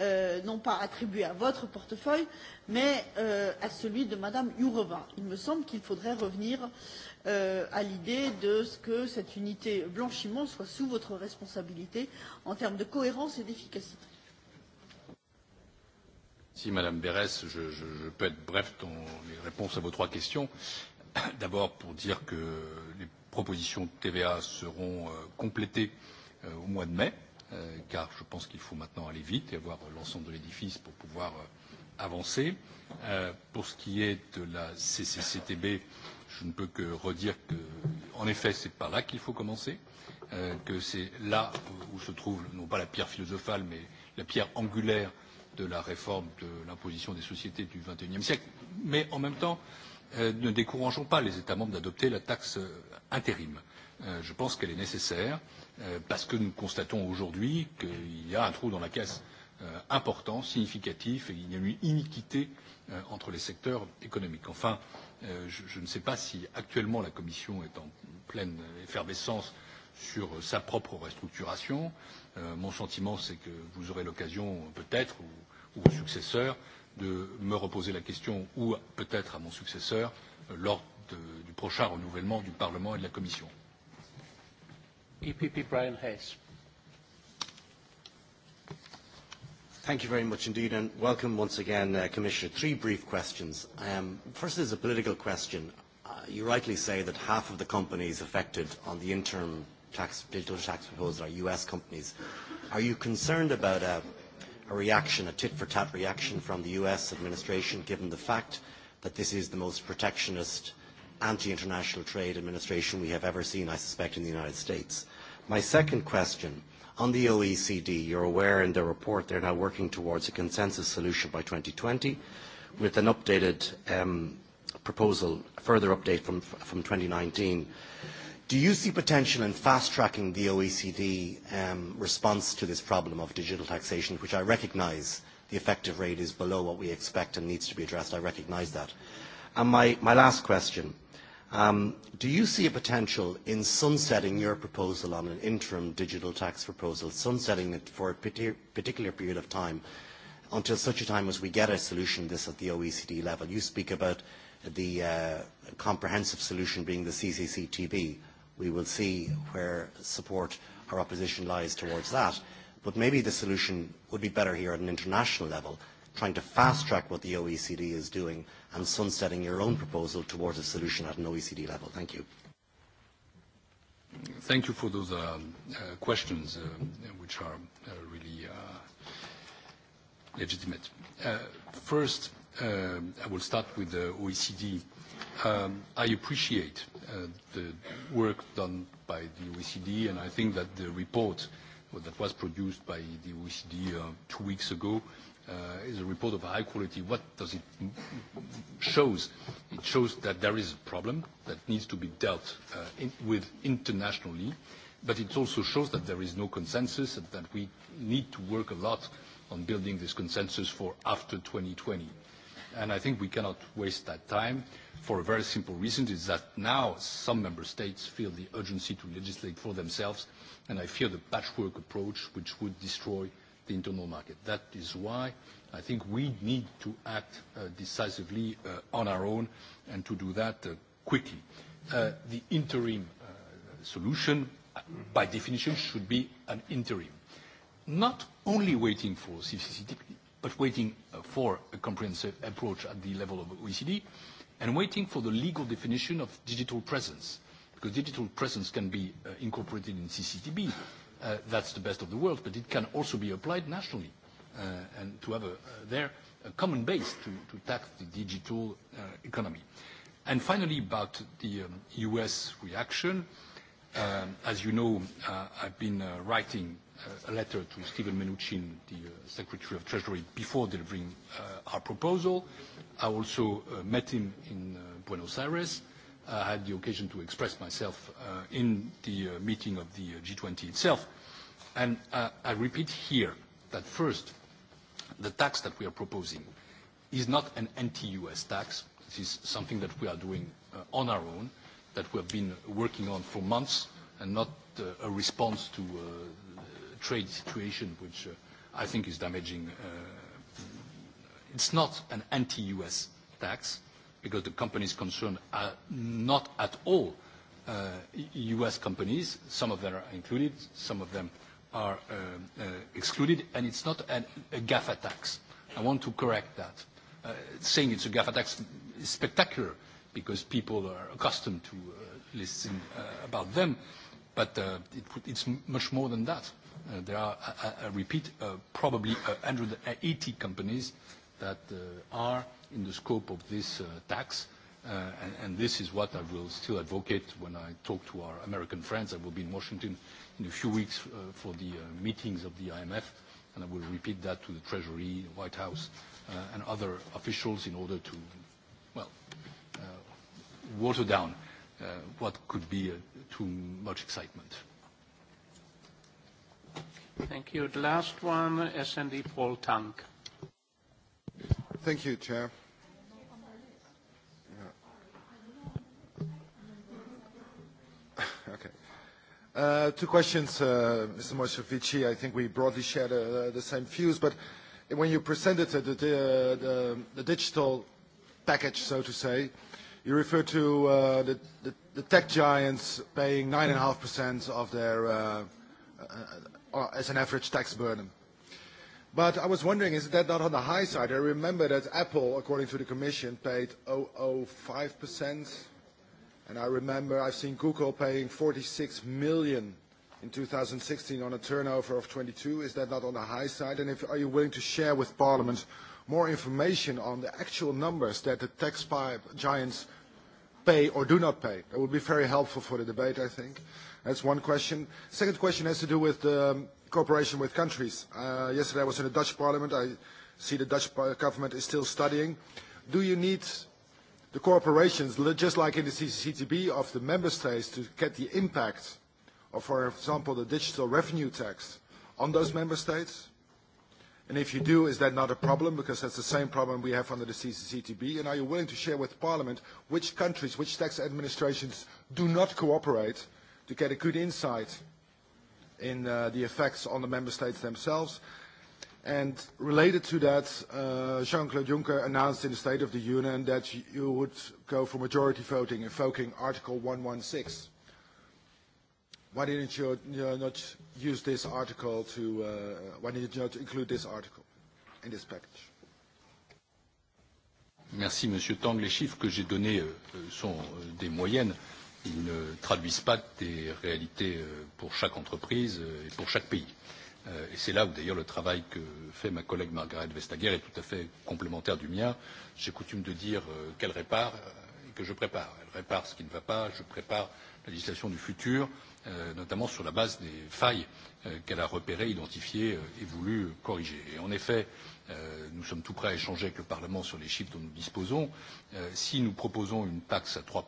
euh, non pas attribuée à votre portefeuille, mais euh, à celui de Madame Jourova. Il me semble qu'il faudrait revenir euh, à l'idée de ce que cette unité blanchiment soit sous votre responsabilité en termes de cohérence et d'efficacité. Si Madame Berès, je, je, je peux être bref dans les réponses à vos trois questions. D'abord pour dire que les propositions de TVA seront euh, complétées euh, au mois de mai, euh, car je pense qu'il faut maintenant aller vite et avoir l'ensemble de l'édifice pour pouvoir avancer. Pour ce qui est de la CCCTB, je ne peux que redire que, en effet, c'est par là qu'il faut commencer, que c'est là où se trouve non pas la pierre philosophale, mais la pierre angulaire de la réforme de l'imposition des sociétés du XXIe siècle. Mais en même temps, Euh, ne décourageons pas les États membres d'adopter la taxe euh, intérim. Euh, je pense qu'elle est nécessaire parce que nous constatons aujourd'hui qu'il y a un trou dans la caisse important, significatif, et qu'il y a une iniquité entre les secteurs économiques. Enfin, je ne sais pas si actuellement la Commission est en pleine effervescence sur sa propre restructuration. Mon sentiment, c'est que vous aurez l'occasion, peut-être, ou vos successeurs, de me reposer la question ou peut-être à mon successeur euh, lors de, du prochain renouvellement du Parlement et de la Commission. EPP Brian Hayes. Thank you very much indeed and welcome once again, uh, Commissioner. Three brief questions. Um, first is a political question. Uh, you rightly say that half of the companies affected on the interim tax, digital tax proposal are US companies. Are you concerned about a a reaction, a tit-for-tat reaction from the US administration, given the fact that this is the most protectionist anti-international trade administration we have ever seen, I suspect, in the United States. My second question, on the OECD, you're aware in the report they're now working towards a consensus solution by 2020 with an updated um, proposal, a further update from, from 2019. Do you see potential in fast-tracking the OECD um, response to this problem of digital taxation, which I recognise the effective rate is below what we expect and needs to be addressed? I recognise that. And my, my last question, um, do you see a potential in sunsetting your proposal on an interim digital tax proposal, sunsetting it for a particular period of time until such a time as we get a solution to this at the OECD level? You speak about the uh, comprehensive solution being the CCCTB we will see where support or opposition lies towards that. But maybe the solution would be better here at an international level, trying to fast track what the OECD is doing and sunsetting your own proposal towards a solution at an OECD level. Thank you. Thank you for those um, uh, questions, uh, which are uh, really uh, legitimate. Uh, first, uh, I will start with the OECD. Um, I appreciate uh, the work done by the OECD, and I think that the report that was produced by the OECD uh, two weeks ago uh, is a report of high quality. What does it show? It shows that there is a problem that needs to be dealt uh, in, with internationally, but it also shows that there is no consensus and that we need to work a lot on building this consensus for after 2020. And I think we cannot waste that time for a very simple reason, is that now some member states feel the urgency to legislate for themselves, and I fear the patchwork approach which would destroy the internal market. That is why I think we need to act uh, decisively uh, on our own and to do that uh, quickly. Uh, the interim uh, solution, by definition, should be an interim. Not only waiting for CCCTP, but waiting uh, for a comprehensive approach at the level of OECD and waiting for the legal definition of digital presence, because digital presence can be uh, incorporated in CCTB. Uh, that's the best of the world, but it can also be applied nationally and to have a, there a common base to, tackle the digital economy. And finally, about the U.S. Um, reaction, um, as you know, I've been writing a letter to Stephen Mnuchin, the uh, Secretary of Treasury, before delivering uh, our proposal. I also uh, met him in uh, Buenos Aires. I had the occasion to express myself uh, in the uh, meeting of the uh, G20 itself. And uh, I repeat here that first, the tax that we are proposing is not an anti-US tax. This is something that we are doing uh, on our own, that we have been working on for months, and not uh, a response to uh, trade situation, which uh, I think is damaging. Uh, it's not an anti-U.S. tax because the companies concerned are not at all U.S. Uh, companies. Some of them are included, some of them are excluded, and it's not a GAFA tax. I want to correct that. Saying it's a GAFA tax is spectacular because people are accustomed to listening about them, but it's much more than that. Uh, there are, I, uh, uh, repeat, probably 180 companies that are in the scope of this tax. Uh, and, and this is what I will still advocate when I talk to our American friends. I will be in Washington in a few weeks for the uh, meetings of the IMF, and I will repeat that to the Treasury, the White House, and other officials in order to, well, water down what could be too much excitement. Thank you. The last one, SND Paul Tang. Thank you, Chair. Okay. Uh, two questions, uh, Mr. Moscovici. I think we broadly share uh, the, same views, but when you presented the, digital package, so to say, you referred to the tech giants paying 9.5% of their Uh, as an average tax burden. But I was wondering, is that not on the high side? I remember that Apple, according to the Commission, paid 005%, and I remember I've seen Google paying 46 million in 2016 on a turnover of 22. Is that not on the high side? And if, are you willing to share with Parliament more information on the actual numbers that the tax giants pay or do not pay? That would be very helpful for the debate, I think. That's one question. Second question has to do with um, cooperation with countries. Uh, yesterday I was in the Dutch parliament. I see the Dutch government is still studying. Do you need the corporations, just like in the CCTB, of the member states to get the impact of, for example, the digital revenue tax on those member states? And if you do, is that not a problem? Because that's the same problem we have under the CCCTB. And are you willing to share with Parliament which countries, which tax administrations do not cooperate to get a good insight in uh, the effects on the member states themselves. And related to that, uh, Jean-Claude Juncker announced in the State of the Union that you would go for majority voting, invoking Article 116. Why didn't you not use this article to, uh, why did you not include this article in this package? Merci, Monsieur Tang. Les chiffres que j'ai donnés euh, sont euh, des moyennes ils ne traduisent pas des réalités euh, pour chaque entreprise euh, et pour chaque pays. Euh, et c'est là où d'ailleurs le travail que fait ma collègue Margaret Vestager est tout à fait complémentaire du mien. J'ai coutume de dire qu'elle répare et que je prépare. Elle répare ce qui ne va pas, je prépare la législation du futur, notamment sur la base des failles qu'elle a repérées, identifiées et voulu corriger. Et en effet, nous sommes tout prêts à échanger avec le Parlement sur les chiffres dont nous disposons. Si nous proposons une taxe à 3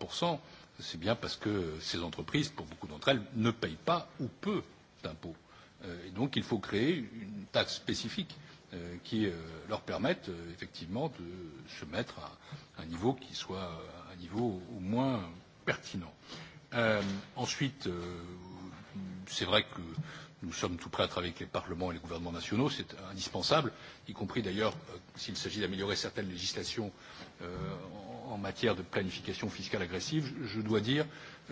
c'est bien parce que ces entreprises pour beaucoup d'entre elles ne payent pas ou peu d'impôts euh, et donc il faut créer une taxe spécifique euh, qui euh, leur permette effectivement de se mettre à un niveau qui soit un niveau au moins pertinent. Euh, ensuite, euh, c'est vrai que nous sommes tout prêts à travailler avec les parlements et les gouvernements nationaux, c'est indispensable, y compris d'ailleurs s'il s'agit d'améliorer certaines législations euh, en matière de planification fiscale agressive, je dois dire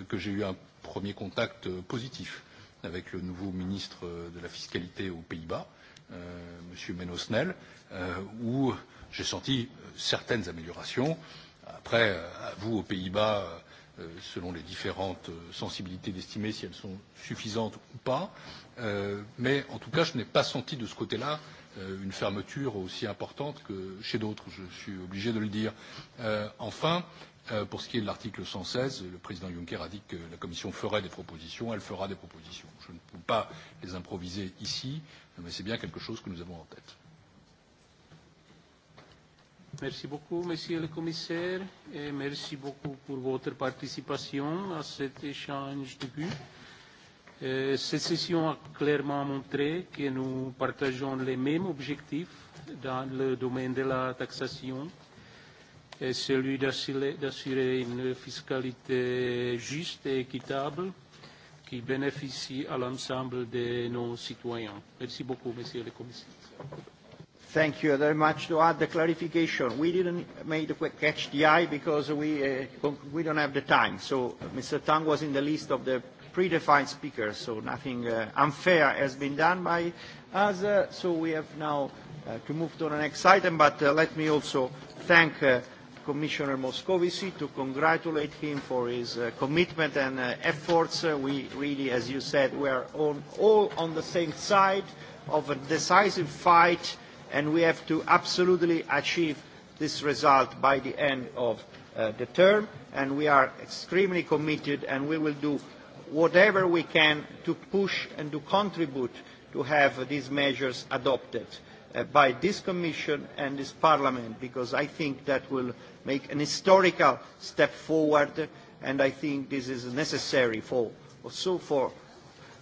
que j'ai eu un premier contact euh, positif avec le nouveau ministre euh, de la fiscalité aux Pays-Bas, euh, M. Menosnel, où j'ai senti certaines améliorations. Après, à vous aux Pays-Bas, selon les différentes sensibilités d'estimer si elles sont suffisantes ou pas. Mais en tout cas, je n'ai pas senti de ce côté-là Euh, une fermeture aussi importante que chez d'autres, je suis obligé de le dire. Euh, enfin, euh, pour ce qui est de l'article cent seize, le président Juncker a dit que la Commission ferait des propositions, elle fera des propositions. Je ne peux pas les improviser ici, mais c'est bien quelque chose que nous avons en tête. Merci beaucoup, Monsieur le Commissaire, et merci beaucoup pour votre participation à cet échange de vues. Euh, cette session a clairement montré que nous partageons les mêmes objectifs dans le domaine de la taxation, et euh, celui d'assurer une fiscalité juste et équitable qui bénéficie à l'ensemble de nos citoyens. Merci beaucoup, Monsieur le Commissaire. Thank you very much. To add the clarification, we didn't make the quick catch the eye because we, uh, we don't have the time. So uh, Mr. Tang was in the list of the predefined speakers, so nothing uh, unfair has been done by us. Uh, so we have now uh, to move to the next item, but uh, let me also thank uh, Commissioner Moscovici to congratulate him for his uh, commitment and uh, efforts. Uh, we really, as you said, we are on, all on the same side of a decisive fight, and we have to absolutely achieve this result by the end of uh, the term, and we are extremely committed, and we will do whatever we can to push and to contribute to have these measures adopted uh, by this Commission and this Parliament, because I think that will make an historical step forward, and I think this is necessary for, also for,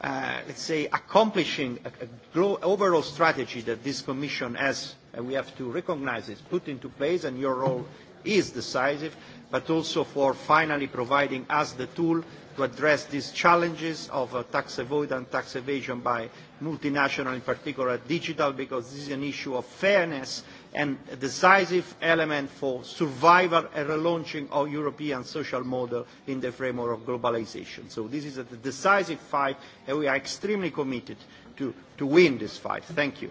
uh, let's say, accomplishing a, a overall strategy that this Commission has, and we have to recognize it, put into place, and your role is decisive, but also for finally providing us the tool to address these challenges of uh, tax avoidance, tax evasion by multinational, in particular digital, because this is an issue of fairness and a decisive element for survival and relaunching of European social model in the framework of globalization. So this is a decisive fight, and we are extremely committed to, to win this fight. Thank you.